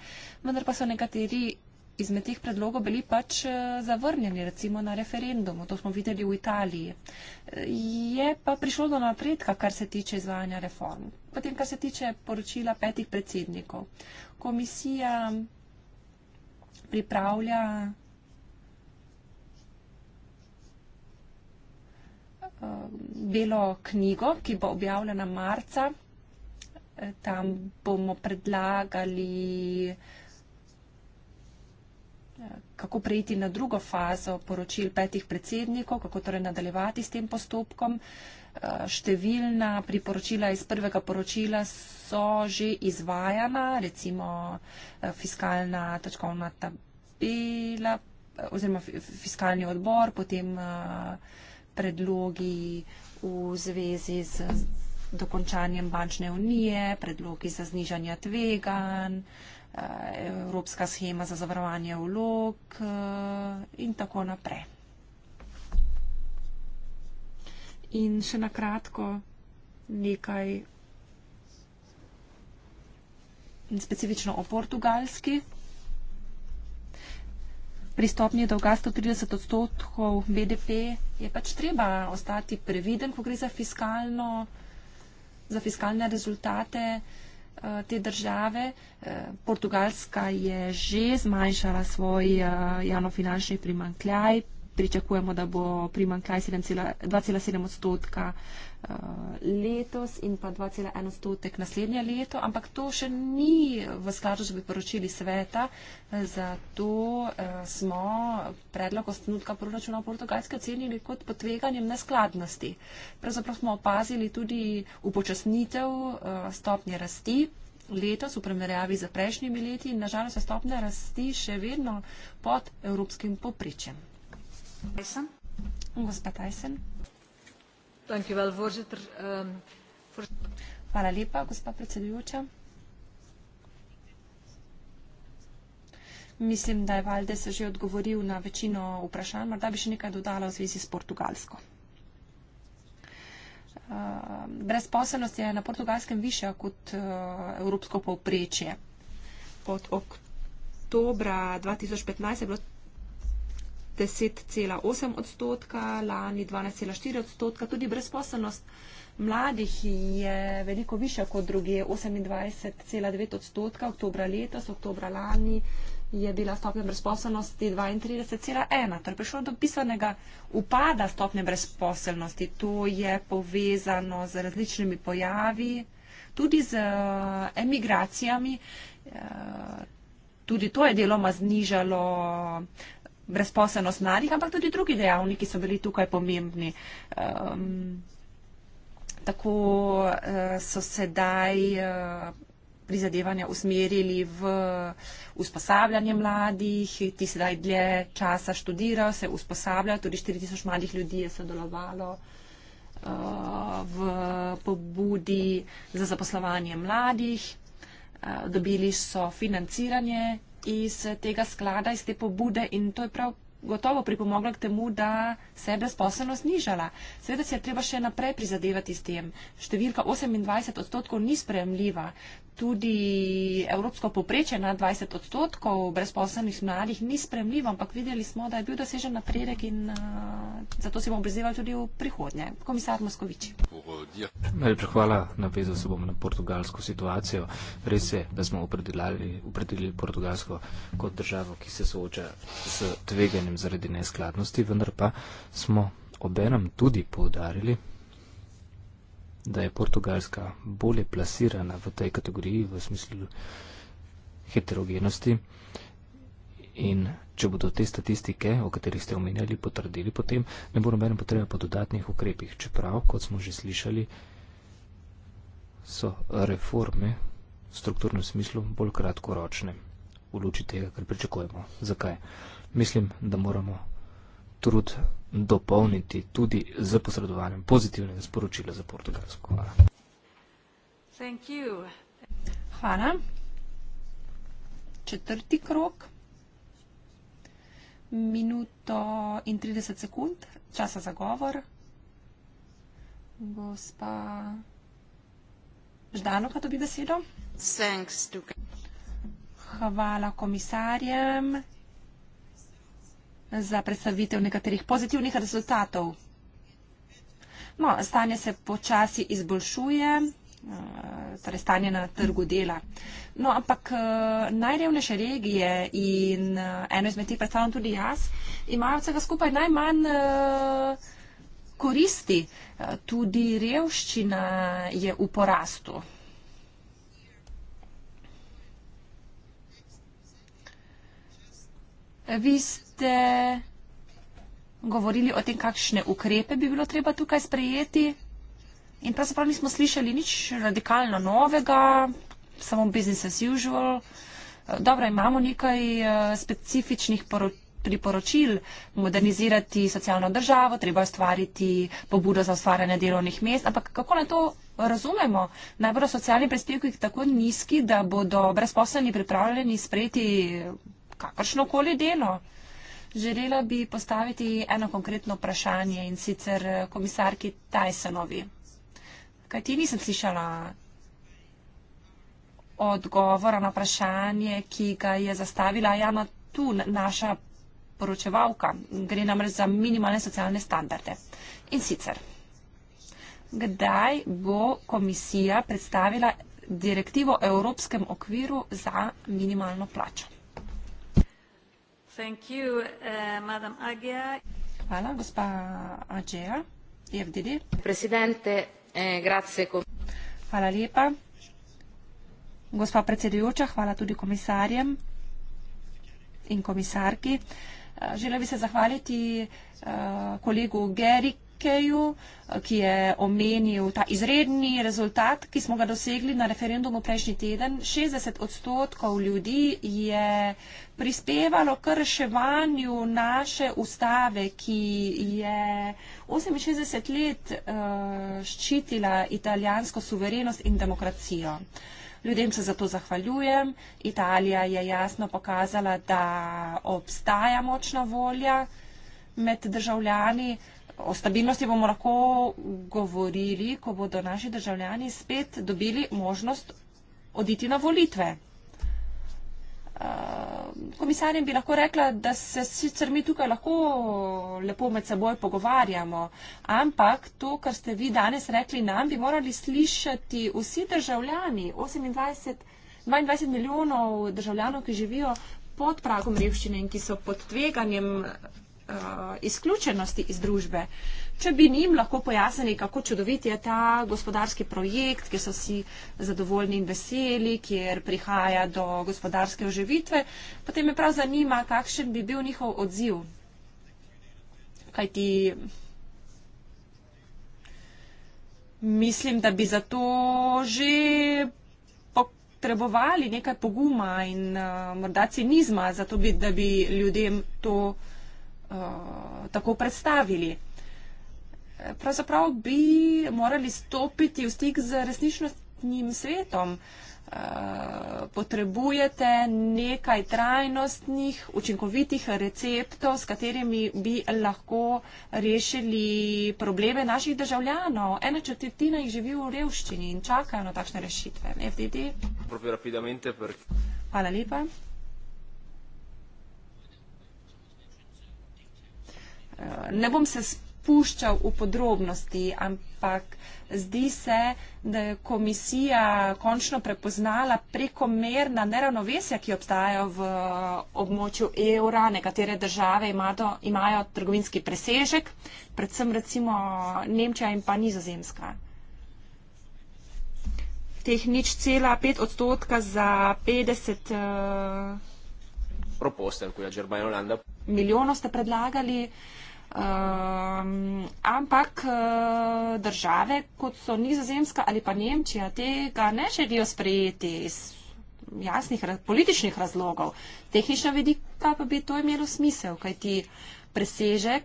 vendar pa so nekateri izmed teh predlogov bili pač eh, zavrnjeni, recimo na referendumu. To smo videli v Italiji. Eh, je pa prišlo do napredka, kar se tiče izvajanja reform. Potem, kar se tiče poročila petih predsednikov. Komisija pripravlja Eh, belo knjigo, ki bo objavljena marca. Eh, tam bomo predlagali, eh, kako prejti na drugo fazo poročil petih predsednikov, kako torej nadaljevati s tem postopkom. Številna priporočila iz prvega poročila so že izvajana, recimo fiskalna točkovna tabela oziroma fiskalni odbor, potem uh, predlogi v zvezi z dokončanjem bančne unije, predlogi za znižanje tvegan, eh, evropska schema za zavarovanje vlog eh, in tako naprej. In še na kratko nekaj specifično o portugalski pri stopnji dolga 130 odstotkov BDP je pač treba ostati previden, ko gre za, fiskalno, za fiskalne rezultate eh, te države. Eh, Portugalska je že zmanjšala svoj eh, javnofinančni primankljaj, pričakujemo, da bo primankaj 2,7 odstotka eh, letos in pa 2,1 odstotek naslednje leto, ampak to še ni v skladu z priporočili sveta, eh, zato eh, smo predlog osnutka proračuna v Portugalske ocenili kot potveganjem neskladnosti. Pravzaprav smo opazili tudi upočasnitev stopnje rasti letos v primerjavi z prejšnjimi leti in nažalost je stopnja rasti še vedno pod evropskim popričjem. Ehm, Hvala lepa, gospa predsedujoča. Mislim, da je Valdes že odgovoril na večino vprašanj, morda bi še nekaj dodala v zvezi s Portugalsko. Ehm, brezposelnost je na Portugalskem višja kot eh, evropsko povprečje. Od oktobra 2015 je bilo 10,8 odstotka, lani 12,4 odstotka. Tudi brezposobnost mladih je veliko više kot druge, 28,9 odstotka, oktober letos, oktober lani je bila stopnja brezposobnosti 32,1. Torej prišlo do pisanega upada stopnje brezposobnosti. To je povezano z različnimi pojavi, tudi z eh, emigracijami. Eh, tudi to je deloma znižalo brezposelnost mladih, ampak tudi drugi dejavniki so bili tukaj pomembni. Um, tako uh, so sedaj uh, prizadevanja usmerili v usposabljanje mladih, ti sedaj dlje časa študirajo, se usposabljajo, tudi 4000 mladih ljudi je sodelovalo eh, v pobudi za zaposlovanje mladih. Dobili so financiranje, iz eh, tega sklada, iz te pobude in to je prav gotovo pripomoglo k temu, da se je brezposelnost nižala. Seveda se je treba še naprej prizadevati s tem. Številka 28 odstotkov ni spremljiva tudi evropsko poprečje na 20 odstotkov brezposelnih mladih ni spremljivo, ampak videli smo, da je bil dosežen napredek in uh, zato se bomo prizivali tudi v prihodnje. Komisar Moskovič. Najlepša hvala, navezal se bom na portugalsko situacijo. Res je, da smo opredelili, opredelili portugalsko kot državo, ki se sooča s tveganjem zaradi neskladnosti, vendar pa smo obenem tudi poudarili, da je Portugalska bolje plasirana v tej kategoriji v smislu heterogenosti. In če bodo te statistike, o katerih ste omenjali, potrdili potem, ne bo nobene potrebe po dodatnih ukrepih. Čeprav, kot smo že slišali, so reforme v strukturnem smislu bolj kratkoročne v luči tega, kar pričakujemo. Zakaj? Mislim, da moramo trud dopolniti tudi z posredovanjem pozitivnega sporočila za Portugalsko. Hvala. Hvala. Četrti krok. Minuto in 30 sekund časa za govor. Gospa Ždanoka dobi besedo. Hvala komisarjem za predstavitev nekaterih pozitivnih rezultatov. No, stanje se počasi izboljšuje, eh, torej stanje na trgu dela. No, ampak eh, najrevnejše regije in eh, eno izmed teh predstavljam tudi jaz, imajo vsega skupaj najmanj koristi. Tudi revščina je v porastu. Vi ste boste govorili o tem, kakšne ukrepe bi bilo treba tukaj sprejeti. In pravzaprav nismo slišali nič radikalno novega, samo business as usual. Dobro, imamo nekaj eh, specifičnih priporočil, modernizirati socialno državo, treba ustvariti pobudo za ustvarjanje delovnih mest, ampak kako na to razumemo? Naj bodo socialni prispevki tako nizki, da bodo brezposleni pripravljeni sprejeti kakršnokoli delo. Želela bi postaviti eno konkretno vprašanje in sicer eh, komisarki Tajsenovi. Kaj ti nisem slišala odgovora na vprašanje, ki ga je zastavila Jana Tun, naša poročevalka. Gre namreč za minimalne socialne standarde. In sicer, kdaj bo komisija predstavila direktivo o Evropskem okviru za minimalno plačo? Uh, hvala, gospa Ađeja, EFDD. Presidente, eh, grazie. Hvala lepa. Gospa predsedujoča, hvala tudi komisarjem in komisarki. Eh, želela bi se zahvaliti uh, kolegu Gerik, Kejju, ki je omenil ta izredni rezultat, ki smo ga dosegli na referendumu prejšnji teden. 60 odstotkov ljudi je prispevalo k reševanju naše ustave, ki je 68 let uh, ščitila italijansko suverenost in demokracijo. Ljudem se zato zahvaljujem. Italija je jasno pokazala, da obstaja močna volja med državljani, O stabilnosti bomo lahko govorili, ko bodo naši državljani spet dobili možnost oditi na volitve. Uh, komisarjem bi lahko rekla, da se sicer mi tukaj lahko lepo med seboj pogovarjamo, ampak to, kar ste vi danes rekli nam, bi morali slišati vsi državljani, 28, 22 milijonov državljanov, ki živijo pod pragom revščine in ki so pod tveganjem Eh, izključenosti iz družbe. Če bi njim lahko pojasnili, kako čudovit je ta gospodarski projekt, ki so si zadovoljni in veseli, kjer prihaja do gospodarske oživitve, potem me prav zanima, kakšen bi bil njihov odziv. Kaj ti mislim, da bi zato že potrebovali nekaj poguma in uh, morda cinizma, zato bi, da bi ljudem to odzivali. Eh, tako predstavili. Pravzaprav bi morali stopiti v stik z resničnostnim svetom. Eh, potrebujete nekaj trajnostnih, učinkovitih receptov, s katerimi bi lahko rešili probleme naših državljanov. Ena četrtina jih živi v revščini in čakajo na takšne rešitve. FDD. Hvala lepa. Eh, ne bom se spuščal v podrobnosti, ampak zdi se, da je komisija končno prepoznala prekomerna neravnovesja, ki obstajajo v eh, območju evra. Nekatere države imajo, imajo trgovinski presežek, predvsem recimo Nemčija in pa Nizozemska. Teh nič cela pet odstotka za 50. Eh, Proposten, milijonov ste predlagali. Um, ampak eh, države, kot so Nizozemska ali pa Nemčija, tega ne želijo sprejeti iz jasnih političnih razlogov. Tehnično vidika pa bi to imelo smisel, kajti presežek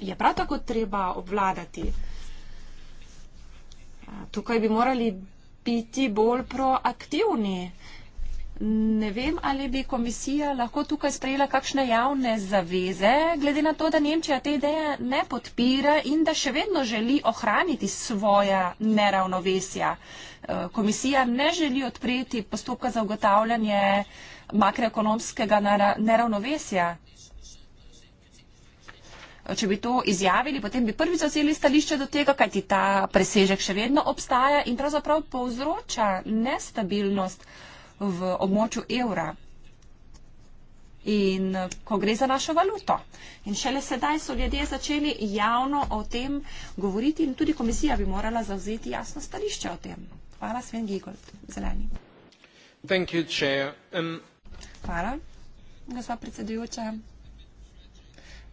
je prav tako treba obvladati. Eh, tukaj bi morali biti bolj proaktivni. Uh, Ne vem, ali bi komisija lahko tukaj sprejela kakšne javne zaveze, glede na to, da Nemčija te ideje ne podpira in da še vedno želi ohraniti svoja neravnovesja. Eh, komisija ne želi odpreti postopka za ugotavljanje makroekonomskega neravnovesja. Eh, če bi to izjavili, potem bi prvi zazeli stališče do tega, kajti ta presežek še vedno obstaja in pravzaprav povzroča nestabilnost v območju evra. In ko gre za našo valuto. In šele sedaj so ljudje začeli javno o tem govoriti in tudi komisija bi morala zavzeti jasno stališče o tem. Hvala, Sven Gigold, zeleni. You, um... Hvala, gospa predsedujoča.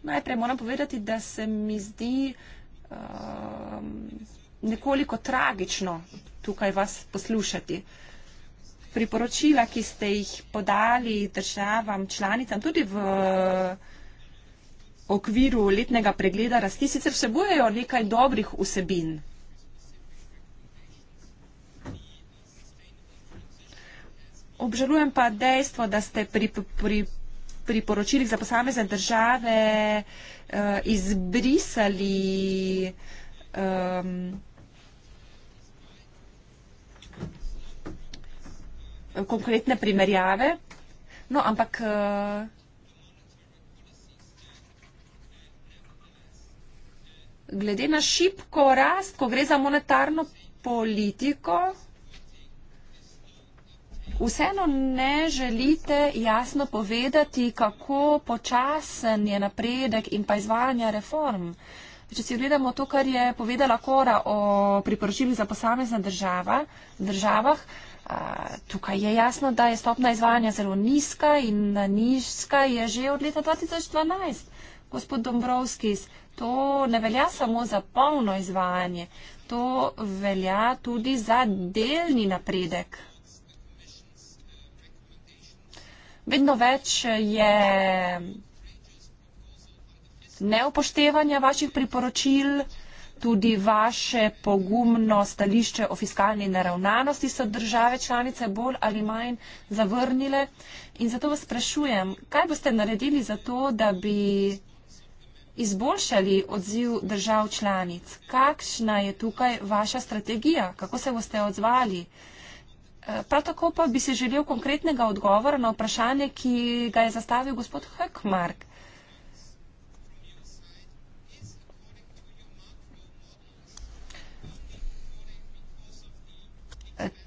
Najprej moram povedati, da se mi zdi um, nekoliko tragično tukaj vas poslušati. Uh, priporočila, ki ste jih podali državam, članicam, tudi v okviru letnega pregleda rasti, sicer vsebujejo nekaj dobrih vsebin. Obžalujem pa dejstvo, da ste pri, pri, pri poročilih za posamezne države uh, izbrisali um, konkretne primerjave. No, ampak eh, glede na šipko rast, ko gre za monetarno politiko, vseeno ne želite jasno povedati, kako počasen je napredek in pa izvajanje reform. Če si gledamo to, kar je povedala Kora o priporočilih za posamezne država, državah, tukaj je jasno, da je stopna izvajanja zelo nizka in nizka je že od leta 2012. Gospod Dombrovskis, to ne velja samo za polno izvajanje, to velja tudi za delni napredek. Vedno več je neupoštevanja vaših priporočil tudi vaše pogumno stališče o fiskalni neravnanosti so države članice bolj ali manj zavrnile. In zato vas sprašujem, kaj boste naredili za to, da bi izboljšali odziv držav članic? Kakšna je tukaj vaša strategija? Kako se boste odzvali? Eh, prav tako pa bi se želel konkretnega odgovora na vprašanje, ki ga je zastavil gospod Hökmark.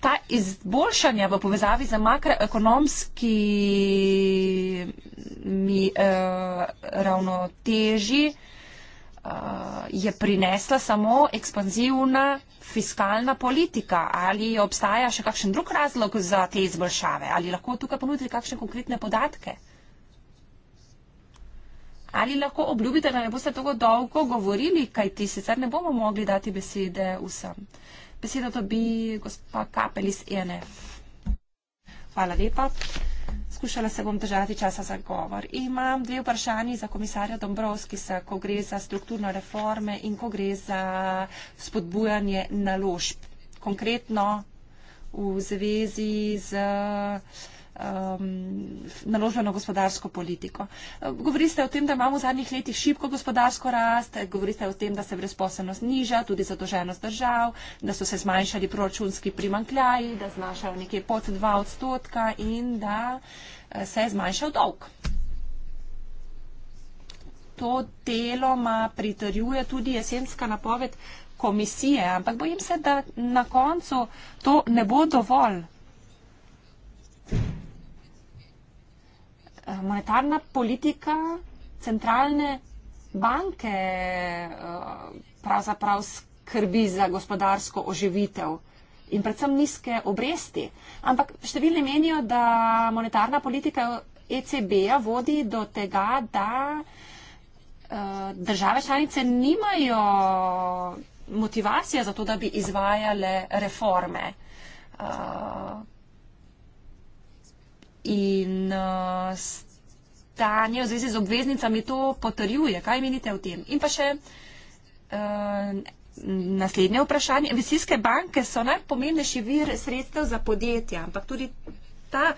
ta izboljšanja v povezavi z makroekonomskimi eh, ravnoteži eh, je prinesla samo ekspanzivna fiskalna politika. Ali obstaja še kakšen drug razlog za te izboljšave? Ali lahko tukaj ponudite kakšne konkretne podatke? Ali lahko obljubite, da ne boste tako dolgo govorili, kaj ti sicer ne bomo mogli dati besede vsem? Uh, Beseda dobi gospa Kapelis ENF. Hvala lepa. Skušala se bom držati časa za govor. Imam dve vprašanji za komisarja Dombrovskisa, ko gre za strukturno reforme in ko gre za spodbujanje naložb. Konkretno v zvezi z uh, um, naložbeno gospodarsko politiko. Uh, govorite o tem, da imamo v zadnjih letih šibko gospodarsko rast, govorite o tem, da se brezposobnost niža, tudi zadoženost držav, da so se zmanjšali proračunski primankljaji, da znašajo nekje pod 2 odstotka in da eh, se je zmanjšal dolg. To deloma pritrjuje tudi jesenska napoved komisije, ampak bojim se, da na koncu to ne bo dovolj. Eh, monetarna politika centralne banke eh, pravzaprav skrbi za gospodarsko oživitev in predvsem nizke obresti. Ampak številni menijo, da monetarna politika ECB-ja vodi do tega, da eh, države članice nimajo motivacije za to, da bi izvajale reforme in uh, stanje v zvezi z obveznicami to potrjuje. Kaj menite o tem? In pa še uh, naslednje vprašanje. Investicijske banke so najpomembnejši vir sredstev za podjetja, ampak tudi ta,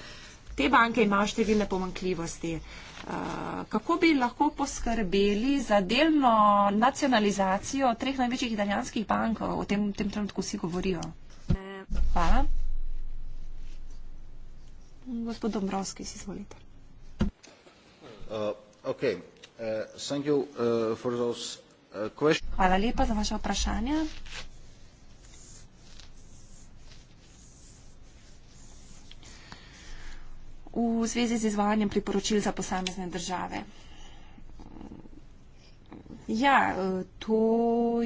te banke imajo številne pomankljivosti. Uh, eh, kako bi lahko poskrbeli za delno nacionalizacijo treh največjih italijanskih bankov? O tem v tem trenutku vsi govorijo. Hvala. Gospod Dombrovski, izvolite. Uh, okay. uh, thank you, uh, for those, uh, Hvala lepa za vaše vprašanje. V zvezi z izvajanjem priporočil za posamezne države. Ja, uh, to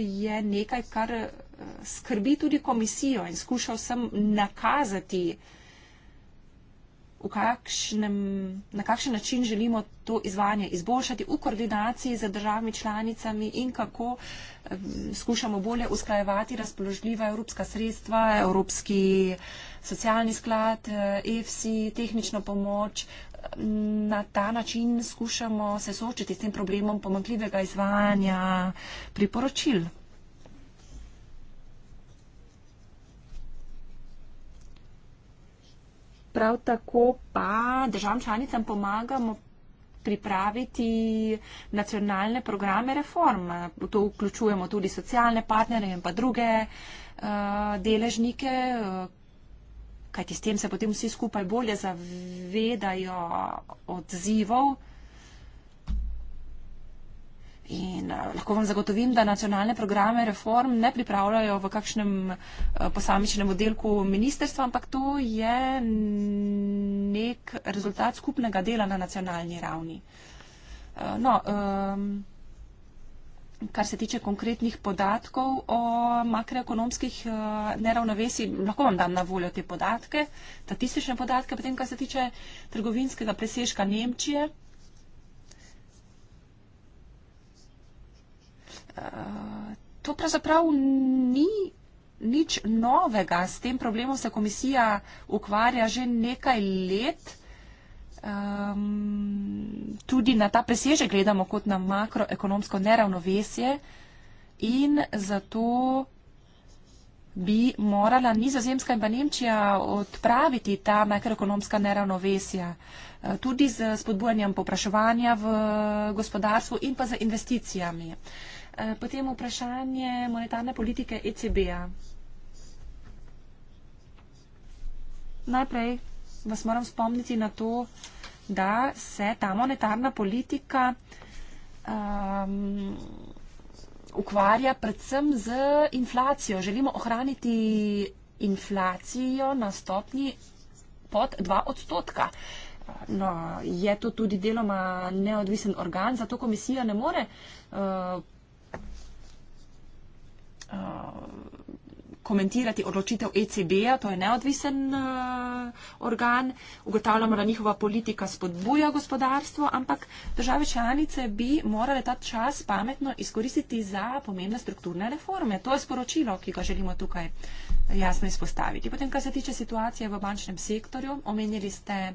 je nekaj, kar uh, skrbi tudi komisijo in skuša vsem nakazati uh, kakšnem, na kakšen način želimo to izvajanje izboljšati v koordinaciji z državami članicami in kako skušamo bolje usklajevati razpoložljiva evropska sredstva, evropski socialni sklad, EFSI, eh, tehnično pomoč. Na ta način skušamo se soočiti s tem problemom pomankljivega izvajanja priporočil. prav tako pa državam članicam pomagamo pripraviti nacionalne programe reform. V to vključujemo tudi socialne partnere in pa druge eh, deležnike, eh, kajti s tem se potem vsi skupaj bolje zavedajo odzivov In uh, lahko vam zagotovim, da nacionalne programe reform ne pripravljajo v kakšnem uh, posamičnem oddelku ministerstva, ampak to je nek rezultat skupnega dela na nacionalni ravni. Uh, no, um, kar se tiče konkretnih podatkov o makroekonomskih uh, neravnovesi, lahko vam dam na voljo te podatke, statistične podatke, potem kar se tiče trgovinskega presežka Nemčije. Eh, to pravzaprav ni nič novega. S tem problemom se komisija ukvarja že nekaj let. Um, tudi na ta presežek gledamo kot na makroekonomsko neravnovesje in zato bi morala nizozemska in pa Nemčija odpraviti ta makroekonomska neravnovesja. Eh, tudi z spodbujanjem popraševanja v gospodarstvu in pa z investicijami. Uh, Eh, potem vprašanje monetarne politike ECB-a. Najprej vas moram spomniti na to, da se ta monetarna politika um, ukvarja predvsem z inflacijo. Želimo ohraniti inflacijo na stopni pod 2 odstotka. No, je to tudi deloma neodvisen organ, zato komisija ne more uh, Eh, komentirati odločitev ECB-ja, to je neodvisen uh, organ. Ugotavljamo, da njihova politika spodbuja gospodarstvo, ampak države članice bi morale ta čas pametno izkoristiti za pomembne strukturne reforme. To je sporočilo, ki ga želimo tukaj jasno izpostaviti. Potem, kar se tiče situacije v bančnem sektorju, omenili ste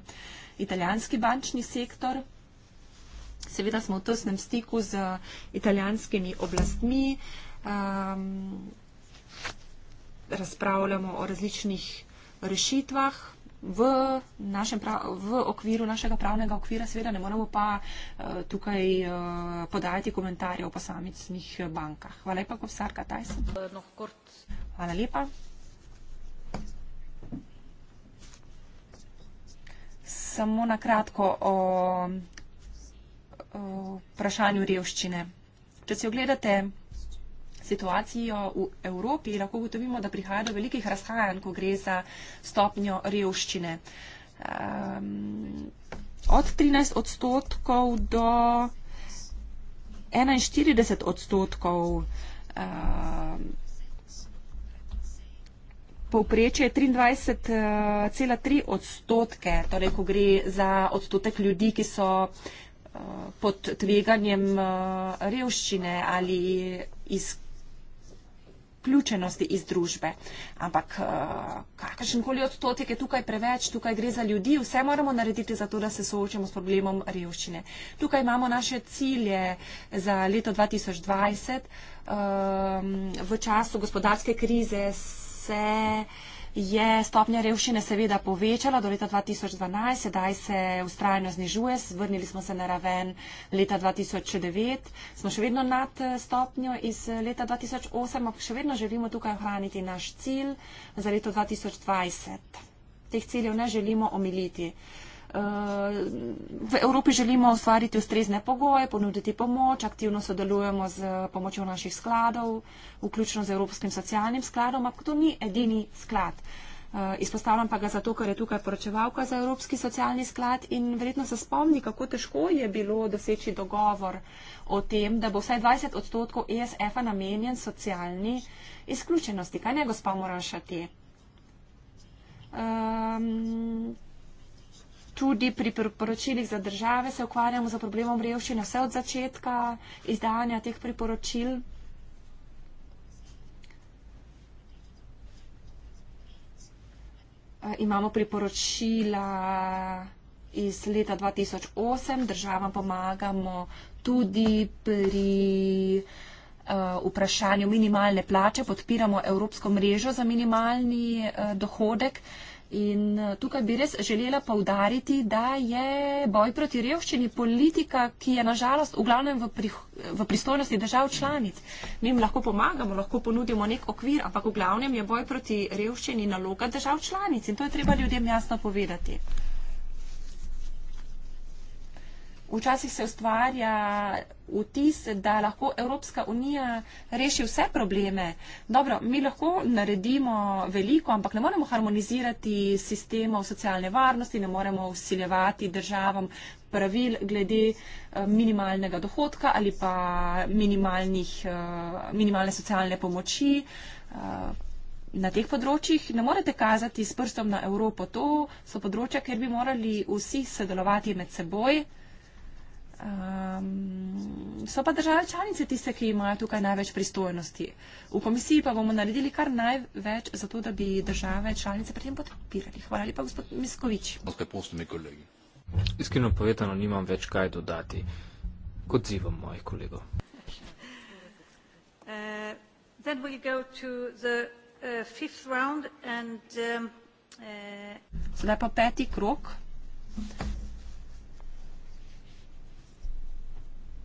italijanski bančni sektor. Seveda smo v tesnem stiku z italijanskimi oblastmi. Uh, um, razpravljamo o različnih rešitvah v, prav, v okviru našega pravnega okvira, seveda ne moramo pa uh, tukaj uh, podajati komentarjev o posamicnih bankah. Hvala lepa, Kovsarka Tyson. Eh, Hvala lepa. Samo na kratko o, o vprašanju revščine. Če si ogledate situacijo v Evropi, lahko ugotovimo, da prihaja do velikih razhajanj, ko gre za stopnjo revščine. Um, od 13 odstotkov do 41 odstotkov. Um, Povprečje je 23,3 eh, odstotke, torej ko gre za odstotek ljudi, ki so eh, pod tveganjem eh, revščine ali iz izključenosti iz družbe. Ampak eh, kakršen koli odstotek je tukaj preveč, tukaj gre za ljudi, vse moramo narediti za to, da se soočamo s problemom revščine. Tukaj imamo naše cilje za leto 2020. Ehm, v času gospodarske krize se je stopnja revščine seveda povečala do leta 2012, sedaj se ustrajno znižuje, vrnili smo se na raven leta 2009, smo še vedno nad eh, stopnjo iz eh, leta 2008, ampak še vedno želimo tukaj ohraniti naš cilj za leto 2020. Teh ciljev ne želimo omiliti. Eh, v Evropi želimo ustvariti ustrezne pogoje, ponuditi pomoč, aktivno sodelujemo z pomočjo naših skladov, vključno z Evropskim socialnim skladom, ampak to ni edini sklad. Eh, izpostavljam pa ga zato, ker je tukaj poročevalka za Evropski socialni sklad in verjetno se spomni, kako težko je bilo doseči dogovor o tem, da bo vsaj 20 odstotkov ESF-a namenjen socialni izključenosti. Kaj ne, gospa Morašati? Um, ehm, tudi pri priporočilih za države se ukvarjamo z problemom revščine vse od začetka izdajanja teh priporočil. Eh, imamo priporočila iz leta 2008, državam pomagamo tudi pri eh, vprašanju minimalne plače, podpiramo Evropsko mrežo za minimalni eh, dohodek. In eh, tukaj bi res želela povdariti, da je boj proti revščini politika, ki je nažalost v glavnem v, pri, v pristojnosti držav članic. Mi jim lahko pomagamo, lahko ponudimo nek okvir, ampak v glavnem je boj proti revščini naloga držav članic in to je treba ljudem jasno povedati včasih se ustvarja vtis, da lahko Evropska unija reši vse probleme. Dobro, mi lahko naredimo veliko, ampak ne moremo harmonizirati sistemov socialne varnosti, ne moremo usiljevati državam pravil glede eh, minimalnega dohodka ali pa eh, minimalne socialne pomoči. Eh, na teh področjih ne morete kazati s prstom na Evropo. To so področja, kjer bi morali vsi sodelovati med seboj. Um, so pa države članice tiste, ki imajo tukaj največ pristojnosti. V komisiji pa bomo naredili kar največ za to, da bi države članice pri tem podpirali. Hvala lepa, gospod Miskovič. Iskreno povedano, nimam več kaj dodati. Kot zivam mojih kolegov. Sedaj eh, eh, um, eh, pa peti krok.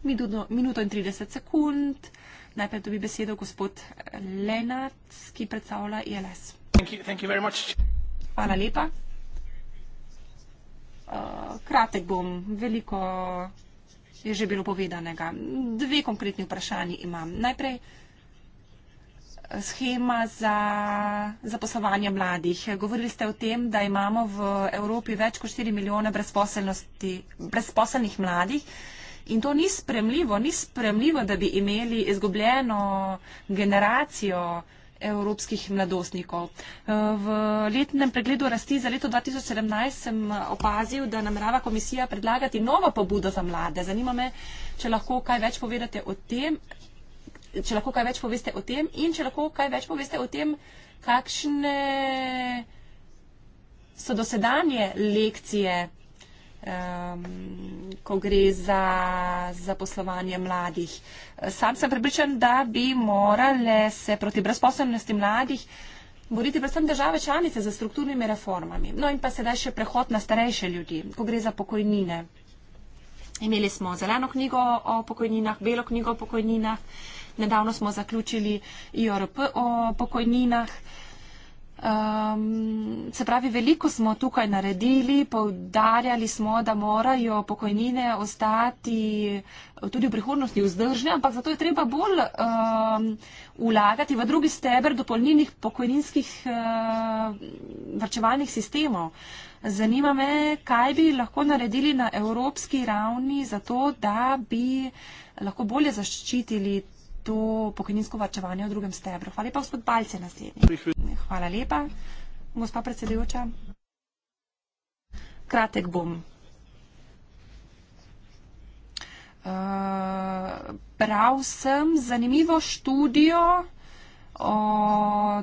minuto, minuto in 30 sekund. Najprej dobi besedo gospod Lenac, ki predstavlja ILS. Thank you, thank you Hvala lepa. Uh, kratek bom, veliko je že bilo povedanega. Dve konkretni vprašanji imam. Najprej eh, schema za zaposlovanje mladih. Govorili ste o tem, da imamo v Evropi več kot 4 milijone brezposelnih mladih. Uh, In to ni spremljivo, ni spremljivo, da bi imeli izgubljeno generacijo evropskih mladostnikov. V letnem pregledu rasti za leto 2017 sem opazil, da namerava komisija predlagati novo pobudo za mlade. Zanima me, če lahko kaj več povedate o tem, če lahko kaj več poveste o tem in če lahko kaj več poveste o tem, kakšne so dosedanje lekcije um, ko gre za zaposlovanje mladih. Sam sem prepričan, da bi morale se proti brezposobnosti mladih boriti predvsem države članice za strukturnimi reformami. No in pa sedaj še prehod na starejše ljudi, ko gre za pokojnine. Imeli smo zeleno knjigo o pokojninah, belo knjigo o pokojninah, nedavno smo zaključili IRP o pokojninah. Um, se pravi, veliko smo tukaj naredili, povdarjali smo, da morajo pokojnine ostati eh, tudi v prihodnosti vzdržne, ampak zato je treba bolj um, ehm, ulagati v drugi steber dopolnilnih pokojninskih uh, eh, vrčevalnih sistemov. Zanima me, kaj bi lahko naredili na evropski ravni za to, da bi lahko bolje zaščitili to pokojninsko vrčevanje v drugem stebru. Hvala lepa, gospod Balce, naslednji. Hvala lepa, gospa predsedujoča. Kratek bom. Uh, eh, prav sem zanimivo študijo o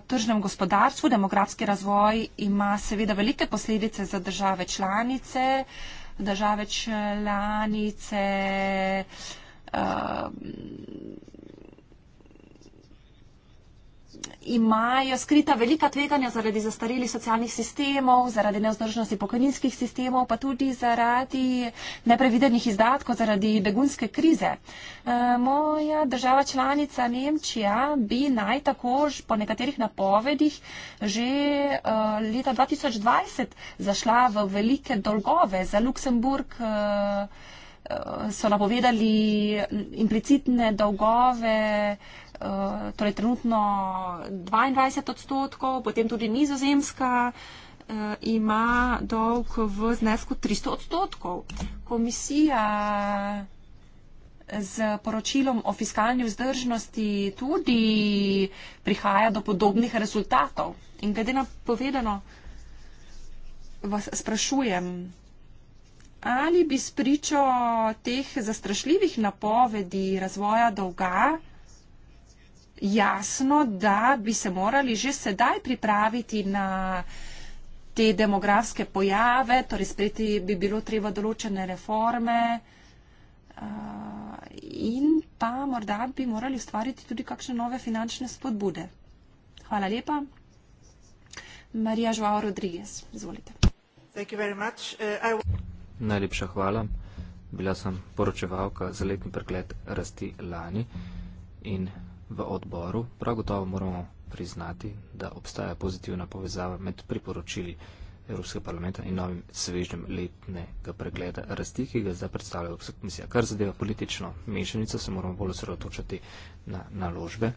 tržnem gospodarstvu. Demografski razvoj ima seveda velike posledice za države članice. Države članice uh, imajo skrita velika tveganja zaradi zastarelih socialnih sistemov, zaradi neoznožnosti pokojninskih sistemov, pa tudi zaradi neprevidenih izdatkov, zaradi begunske krize. Eh, moja država članica Nemčija bi naj takož po nekaterih napovedih že eh, leta 2020 zašla v velike dolgove za Luksemburg eh, so napovedali implicitne dolgove Eh, torej trenutno 22 odstotkov, potem tudi nizozemska eh, ima dolg v znesku 300 odstotkov. Komisija z eh, poročilom o fiskalni vzdržnosti tudi prihaja do podobnih rezultatov. In glede na povedano, vas sprašujem, ali bi spričo teh zastrašljivih napovedi razvoja dolga, jasno, da bi se morali že sedaj pripraviti na te demografske pojave, torej spreti bi bilo treba določene reforme in pa morda bi morali ustvariti tudi kakšne nove finančne spodbude. Hvala lepa. Marija Žuao Rodriguez, izvolite. Uh, Najlepša hvala. Bila sem poročevalka za letni pregled rasti lani in v odboru, prav gotovo moramo priznati, da obstaja pozitivna povezava med priporočili Evropskega parlamenta in novim svežnjem letnega pregleda rasti, ki ga zdaj predstavlja Evropska komisija. Kar zadeva politično mešanico, se moramo bolj osredotočiti na naložbe.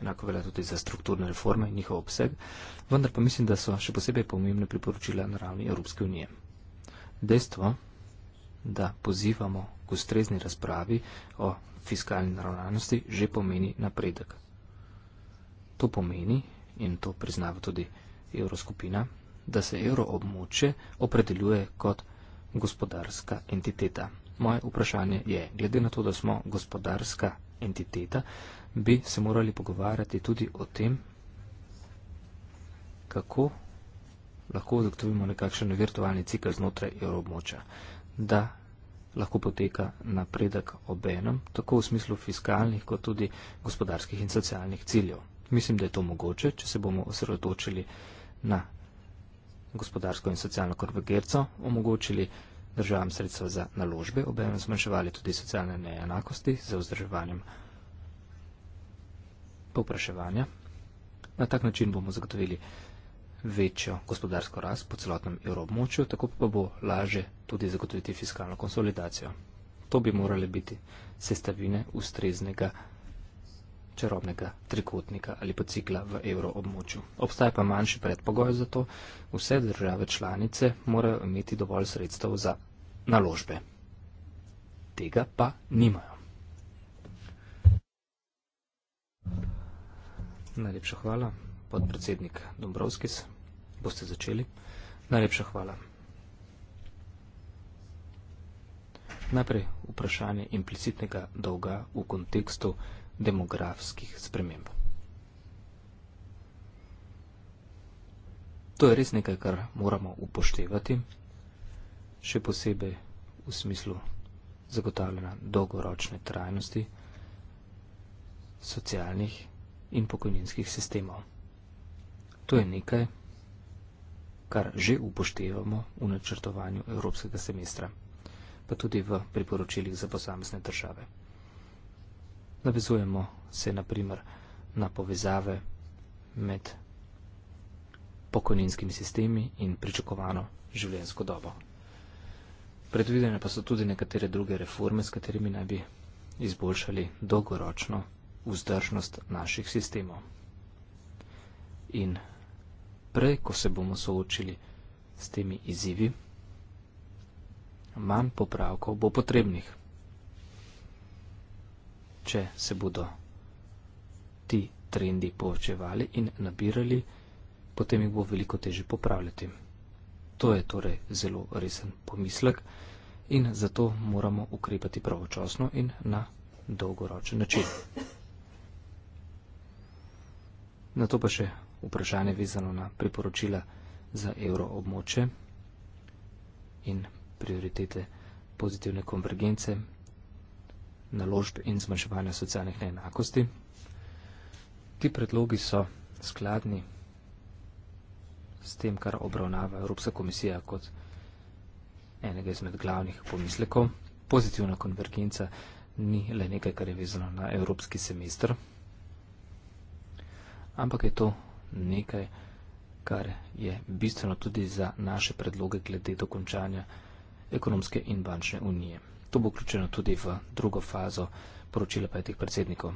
Enako velja tudi za strukturne reforme in njihov obseg, vendar pa mislim, da so še posebej pomembne priporočila na ravni Evropske unije. Dejstvo, da pozivamo k ustrezni razpravi o fiskalni naravnanosti, že pomeni napredek. To pomeni, in to priznava tudi evroskupina, da se evroobmoče opredeljuje kot gospodarska entiteta. Moje vprašanje je, glede na to, da smo gospodarska entiteta, bi se morali pogovarjati tudi o tem, kako lahko zagotovimo nekakšen virtualni cikl znotraj evroobmoča da lahko poteka napredek obenem, tako v smislu fiskalnih, kot tudi gospodarskih in socialnih ciljev. Mislim, da je to mogoče, če se bomo osredotočili na gospodarsko in socialno konvergerco, omogočili državam sredstva za naložbe, obenem zmanjševali tudi socialne neenakosti za vzdrževanjem povpraševanja. Na tak način bomo zagotovili večjo gospodarsko rast po celotnem evroobmočju, tako pa bo laže tudi zagotoviti fiskalno konsolidacijo. To bi morale biti sestavine ustreznega čarobnega trikotnika ali pa cikla v evroobmočju. Obstaja pa manjši predpogoj za to, vse države članice morajo imeti dovolj sredstev za naložbe. Tega pa nimajo. Najlepša hvala podpredsednik Dombrovskis. Boste začeli. Najlepša hvala. Najprej vprašanje implicitnega dolga v kontekstu demografskih sprememb. To je res nekaj, kar moramo upoštevati, še posebej v smislu zagotavljena dolgoročne trajnosti socialnih in pokojninskih sistemov. To je nekaj, kar že upoštevamo v načrtovanju evropskega semestra, pa tudi v priporočilih za posamezne države. Navezujemo se naprimer na povezave med pokojninskimi sistemi in pričakovano življenjsko dobo. Predvidene pa so tudi nekatere druge reforme, s katerimi naj bi izboljšali dolgoročno vzdržnost naših sistemov. In naprej, ko se bomo soočili s temi izzivi, manj popravkov bo potrebnih. Če se bodo ti trendi povečevali in nabirali, potem jih bo veliko težje popravljati. To je torej zelo resen pomislek in zato moramo ukrepati pravočasno in na dolgoročen način. Na to pa še vprašanje vezano na priporočila za evroobmoče in prioritete pozitivne konvergence, naložb in zmanjševanja socialnih neenakosti. Ti predlogi so skladni s tem, kar obravnava Evropska komisija kot enega izmed glavnih pomislekov. Pozitivna konvergenca ni le nekaj, kar je vezano na evropski semester, ampak je to nekaj, kar je bistveno tudi za naše predloge glede dokončanja ekonomske in bančne unije. To bo vključeno tudi v drugo fazo poročila petih predsednikov.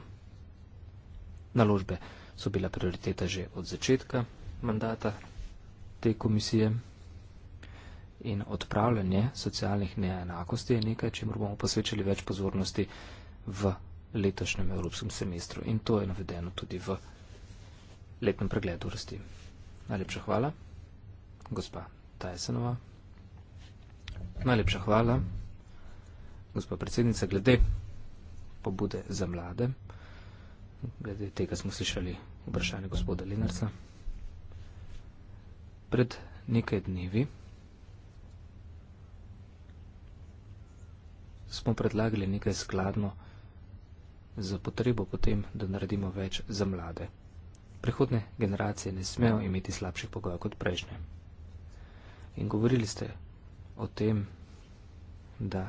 Naložbe so bila prioriteta že od začetka mandata te komisije in odpravljanje socialnih neenakosti je nekaj, čemu bomo posvečali več pozornosti v letošnjem evropskem semestru in to je navedeno tudi v lepem pregledu rasti. Najlepša hvala, gospa Tajsenova. Najlepša hvala, gospa predsednica, glede pobude za mlade. Glede tega smo slišali vprašanje gospoda Linarca. Pred nekaj dnevi smo predlagali nekaj skladno za potrebo potem, da naredimo več za mlade prihodne generacije ne smejo imeti slabših pogojev kot prejšnje. In govorili ste o tem, da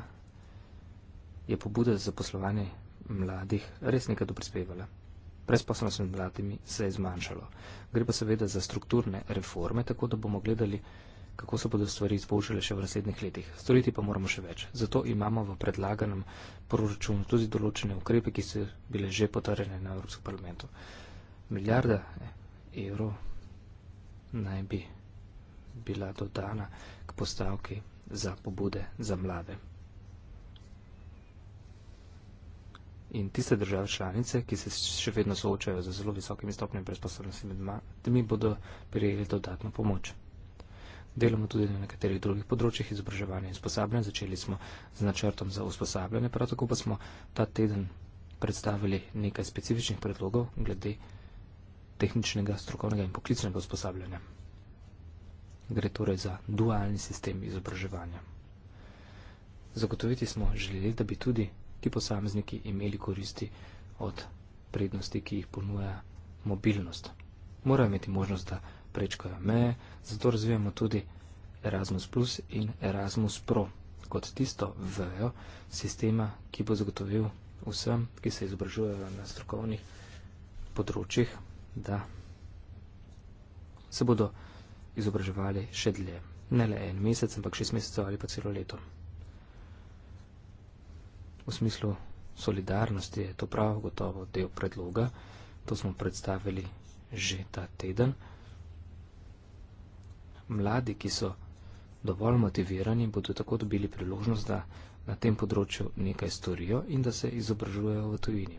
je pobuda za poslovanje mladih res nekaj doprispevala. Prezposobnost med mladimi se je zmanjšalo. Gre pa seveda za strukturne reforme, tako da bomo gledali, kako se bodo stvari izboljšale še v naslednjih letih. Storiti pa moramo še več. Zato imamo v predlaganem proračunu tudi določene ukrepe, ki so bile že potrjene na Evropskem parlamentu milijarda eh, evrov naj bi bila dodana k postavki za pobude za mlade. In tiste države članice, ki se še vedno soočajo z zelo visokimi stopnjami brezposobnosti med mladimi, bodo prijeli dodatno pomoč. Delamo tudi na nekaterih drugih področjih izobraževanja in usposabljanja. Začeli smo z načrtom za usposabljanje, prav tako pa smo ta teden predstavili nekaj specifičnih predlogov glede tehničnega, strokovnega in poklicnega usposabljanja. Gre torej za dualni sistem izobraževanja. Zagotoviti smo želeli, da bi tudi ti posamezniki imeli koristi od prednosti, ki jih ponuja mobilnost. Morajo imeti možnost, da prečkajo meje, zato razvijamo tudi Erasmus Plus in Erasmus Pro kot tisto vejo sistema, ki bo zagotovil vsem, ki se izobražujejo na strokovnih področjih, da se bodo izobraževali še dlje. Ne le en mesec, ampak šest mesecev ali pa celo leto. V smislu solidarnosti je to prav gotovo del predloga. To smo predstavili že ta teden. Mladi, ki so dovolj motivirani, bodo tako dobili priložnost, da na tem področju nekaj storijo in da se izobražujejo v tujini.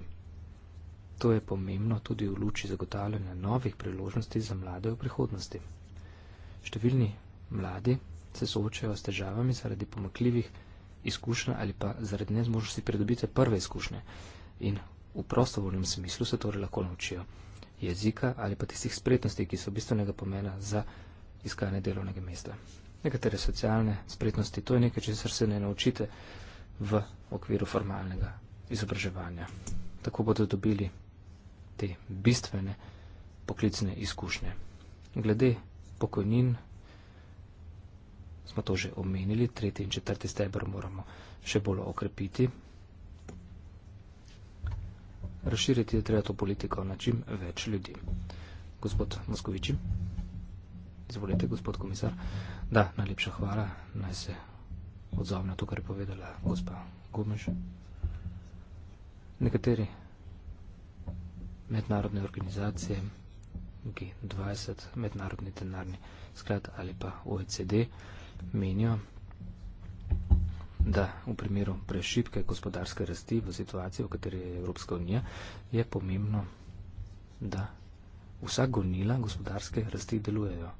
To je pomembno tudi v luči zagotavljanja novih priložnosti za mlade v prihodnosti. Številni mladi se soočajo s težavami zaradi pomakljivih izkušenj ali pa zaradi nezmožnosti pridobiti prve izkušnje in v prostovoljnem smislu se torej lahko naučijo jezika ali pa tistih spretnosti, ki so bistvenega pomena za iskanje delovnega mesta. Nekatere socialne spretnosti, to je nekaj, če se ne naučite v okviru formalnega izobraževanja. Tako bodo dobili te bistvene poklicne izkušnje. Glede pokojnin smo to že omenili, tretji in četrti stebr moramo še bolj okrepiti. Razširiti je treba to politiko na čim več ljudi. Gospod Moskovič, izvolite, gospod komisar. Da, najlepša hvala, naj se odzovem na to, kar je povedala gospa Gumež. Nekateri mednarodne organizacije G20, mednarodni denarni sklad ali pa OECD, menijo, da v primeru prešipke gospodarske rasti v situaciji, v kateri je Evropska unija, je pomembno, da vsa gonila gospodarske rasti delujejo.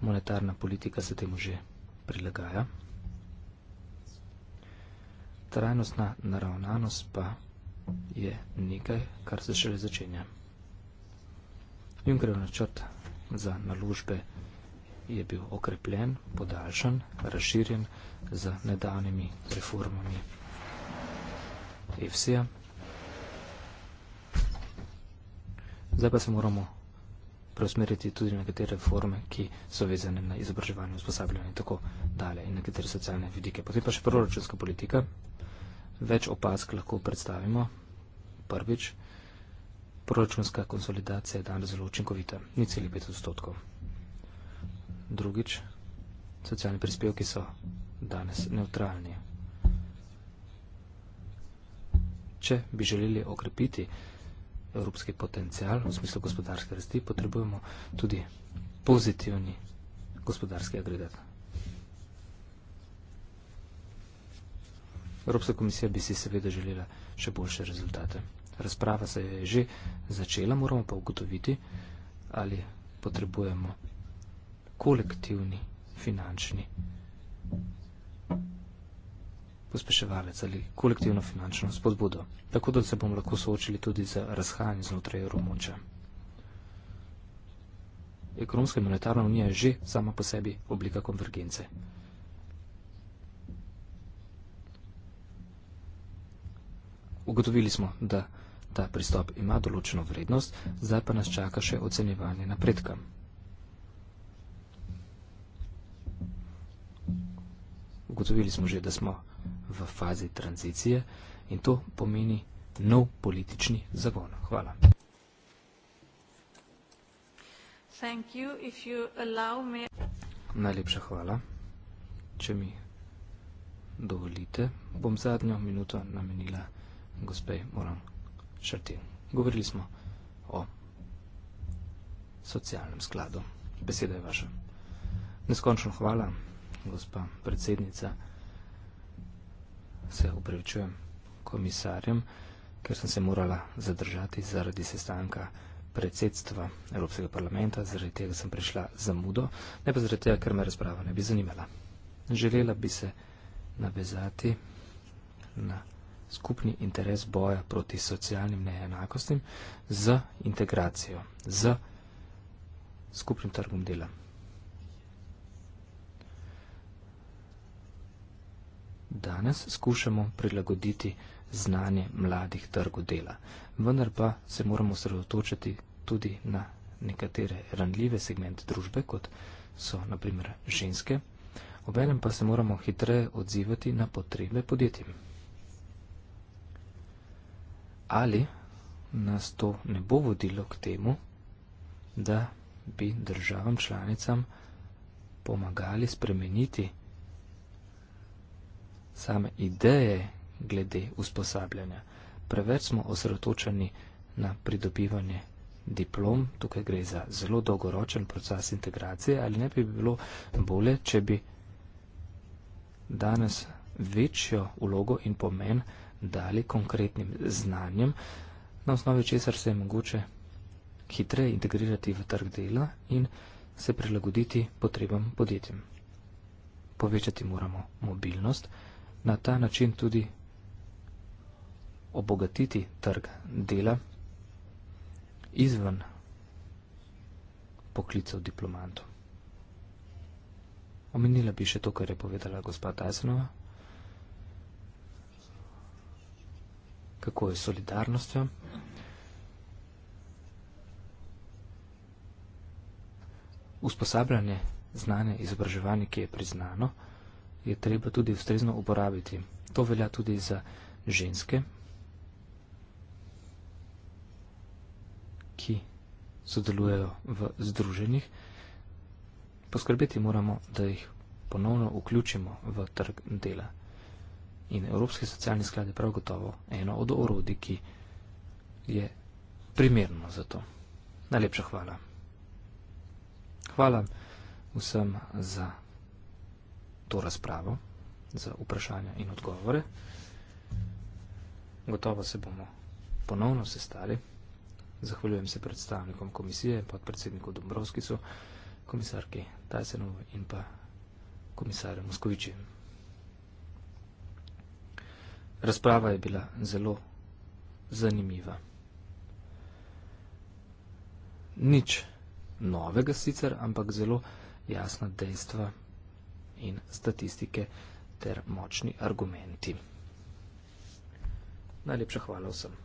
Monetarna politika se temu že prilagaja. Trajnostna naravnanost pa je nekaj, kar se šele začenja. Junkerov načrt za naložbe je bil okrepljen, podaljšan, razširjen z nedavnimi reformami EFSI-ja. Zdaj pa se moramo preusmeriti tudi nekatere reforme, ki so vezane na izobraževanje, usposabljanje in tako dalje in nekatere socialne vidike. Potem pa še proračunska politika. Več opask lahko predstavimo, prvič, proračunska konsolidacija je danes zelo učinkovita, ni celi 5 odstotkov. Drugič, socialni prispevki so danes neutralni. Če bi želeli okrepiti evropski potencial v smislu gospodarske rasti, potrebujemo tudi pozitivni gospodarski agregat. Evropska komisija bi si seveda želela še boljše rezultate razprava se je že začela, moramo pa ugotoviti, ali potrebujemo kolektivni finančni pospeševalec ali kolektivno finančno spodbudo, tako da se bomo lahko soočili tudi z razhajanjem znotraj Romunča. Ekonomska in monetarna unija je že sama po sebi oblika konvergence. Ugotovili smo, da ta pristop ima določeno vrednost, zdaj pa nas čaka še ocenjevanje napredka. Ugotovili smo že, da smo v fazi tranzicije in to pomeni nov politični zagon. Hvala. Najlepša hvala. Če mi dovolite, bom zadnjo minuto namenila gospej Moran Šrtin. Govorili smo o socialnem skladu. Beseda je vaša. Neskončno hvala, gospa predsednica. Se upravičujem komisarjem, ker sem se morala zadržati zaradi sestanka predsedstva Evropskega parlamenta, zaradi tega sem prišla za mudo, ne pa zaradi tega, ker me razprava ne bi zanimala. Želela bi se navezati na skupni interes boja proti socialnim neenakostim z integracijo, z skupnim trgom dela. Danes skušamo prilagoditi znanje mladih trgu dela, vendar pa se moramo sredotočiti tudi na nekatere ranljive segmente družbe, kot so naprimer ženske, obenem pa se moramo hitreje odzivati na potrebe podjetjem ali nas to ne bo vodilo k temu, da bi državam članicam pomagali spremeniti same ideje glede usposabljanja. Preveč smo osredotočeni na pridobivanje diplom, tukaj gre za zelo dolgoročen proces integracije, ali ne bi bilo bolje, če bi danes večjo ulogo in pomen vsega, dali konkretnim znanjem, na osnovi česar se je mogoče hitreje integrirati v trg dela in se prilagoditi potrebam podjetjem. Povečati moramo mobilnost, na ta način tudi obogatiti trg dela izven poklicev diplomantov. Omenila bi še to, kar je povedala gospa Tysonova, kako je s solidarnostjo. Usposabljanje znanja izobraževanja, ki je priznano, je treba tudi ustrezno uporabiti. To velja tudi za ženske, ki sodelujejo v združenih. Poskrbeti moramo, da jih ponovno vključimo v trg dela in Evropski socialni sklad je prav gotovo eno od orodij, ki je primerno za to. Najlepša hvala. Hvala vsem za to razpravo, za vprašanja in odgovore. Gotovo se bomo ponovno sestali. Zahvaljujem se predstavnikom komisije, podpredsedniku Dombrovskisu, komisarki Tajsenovi in pa komisarju Moskovičevi. Razprava je bila zelo zanimiva. Nič novega sicer, ampak zelo jasna dejstva in statistike ter močni argumenti. Najlepša hvala vsem.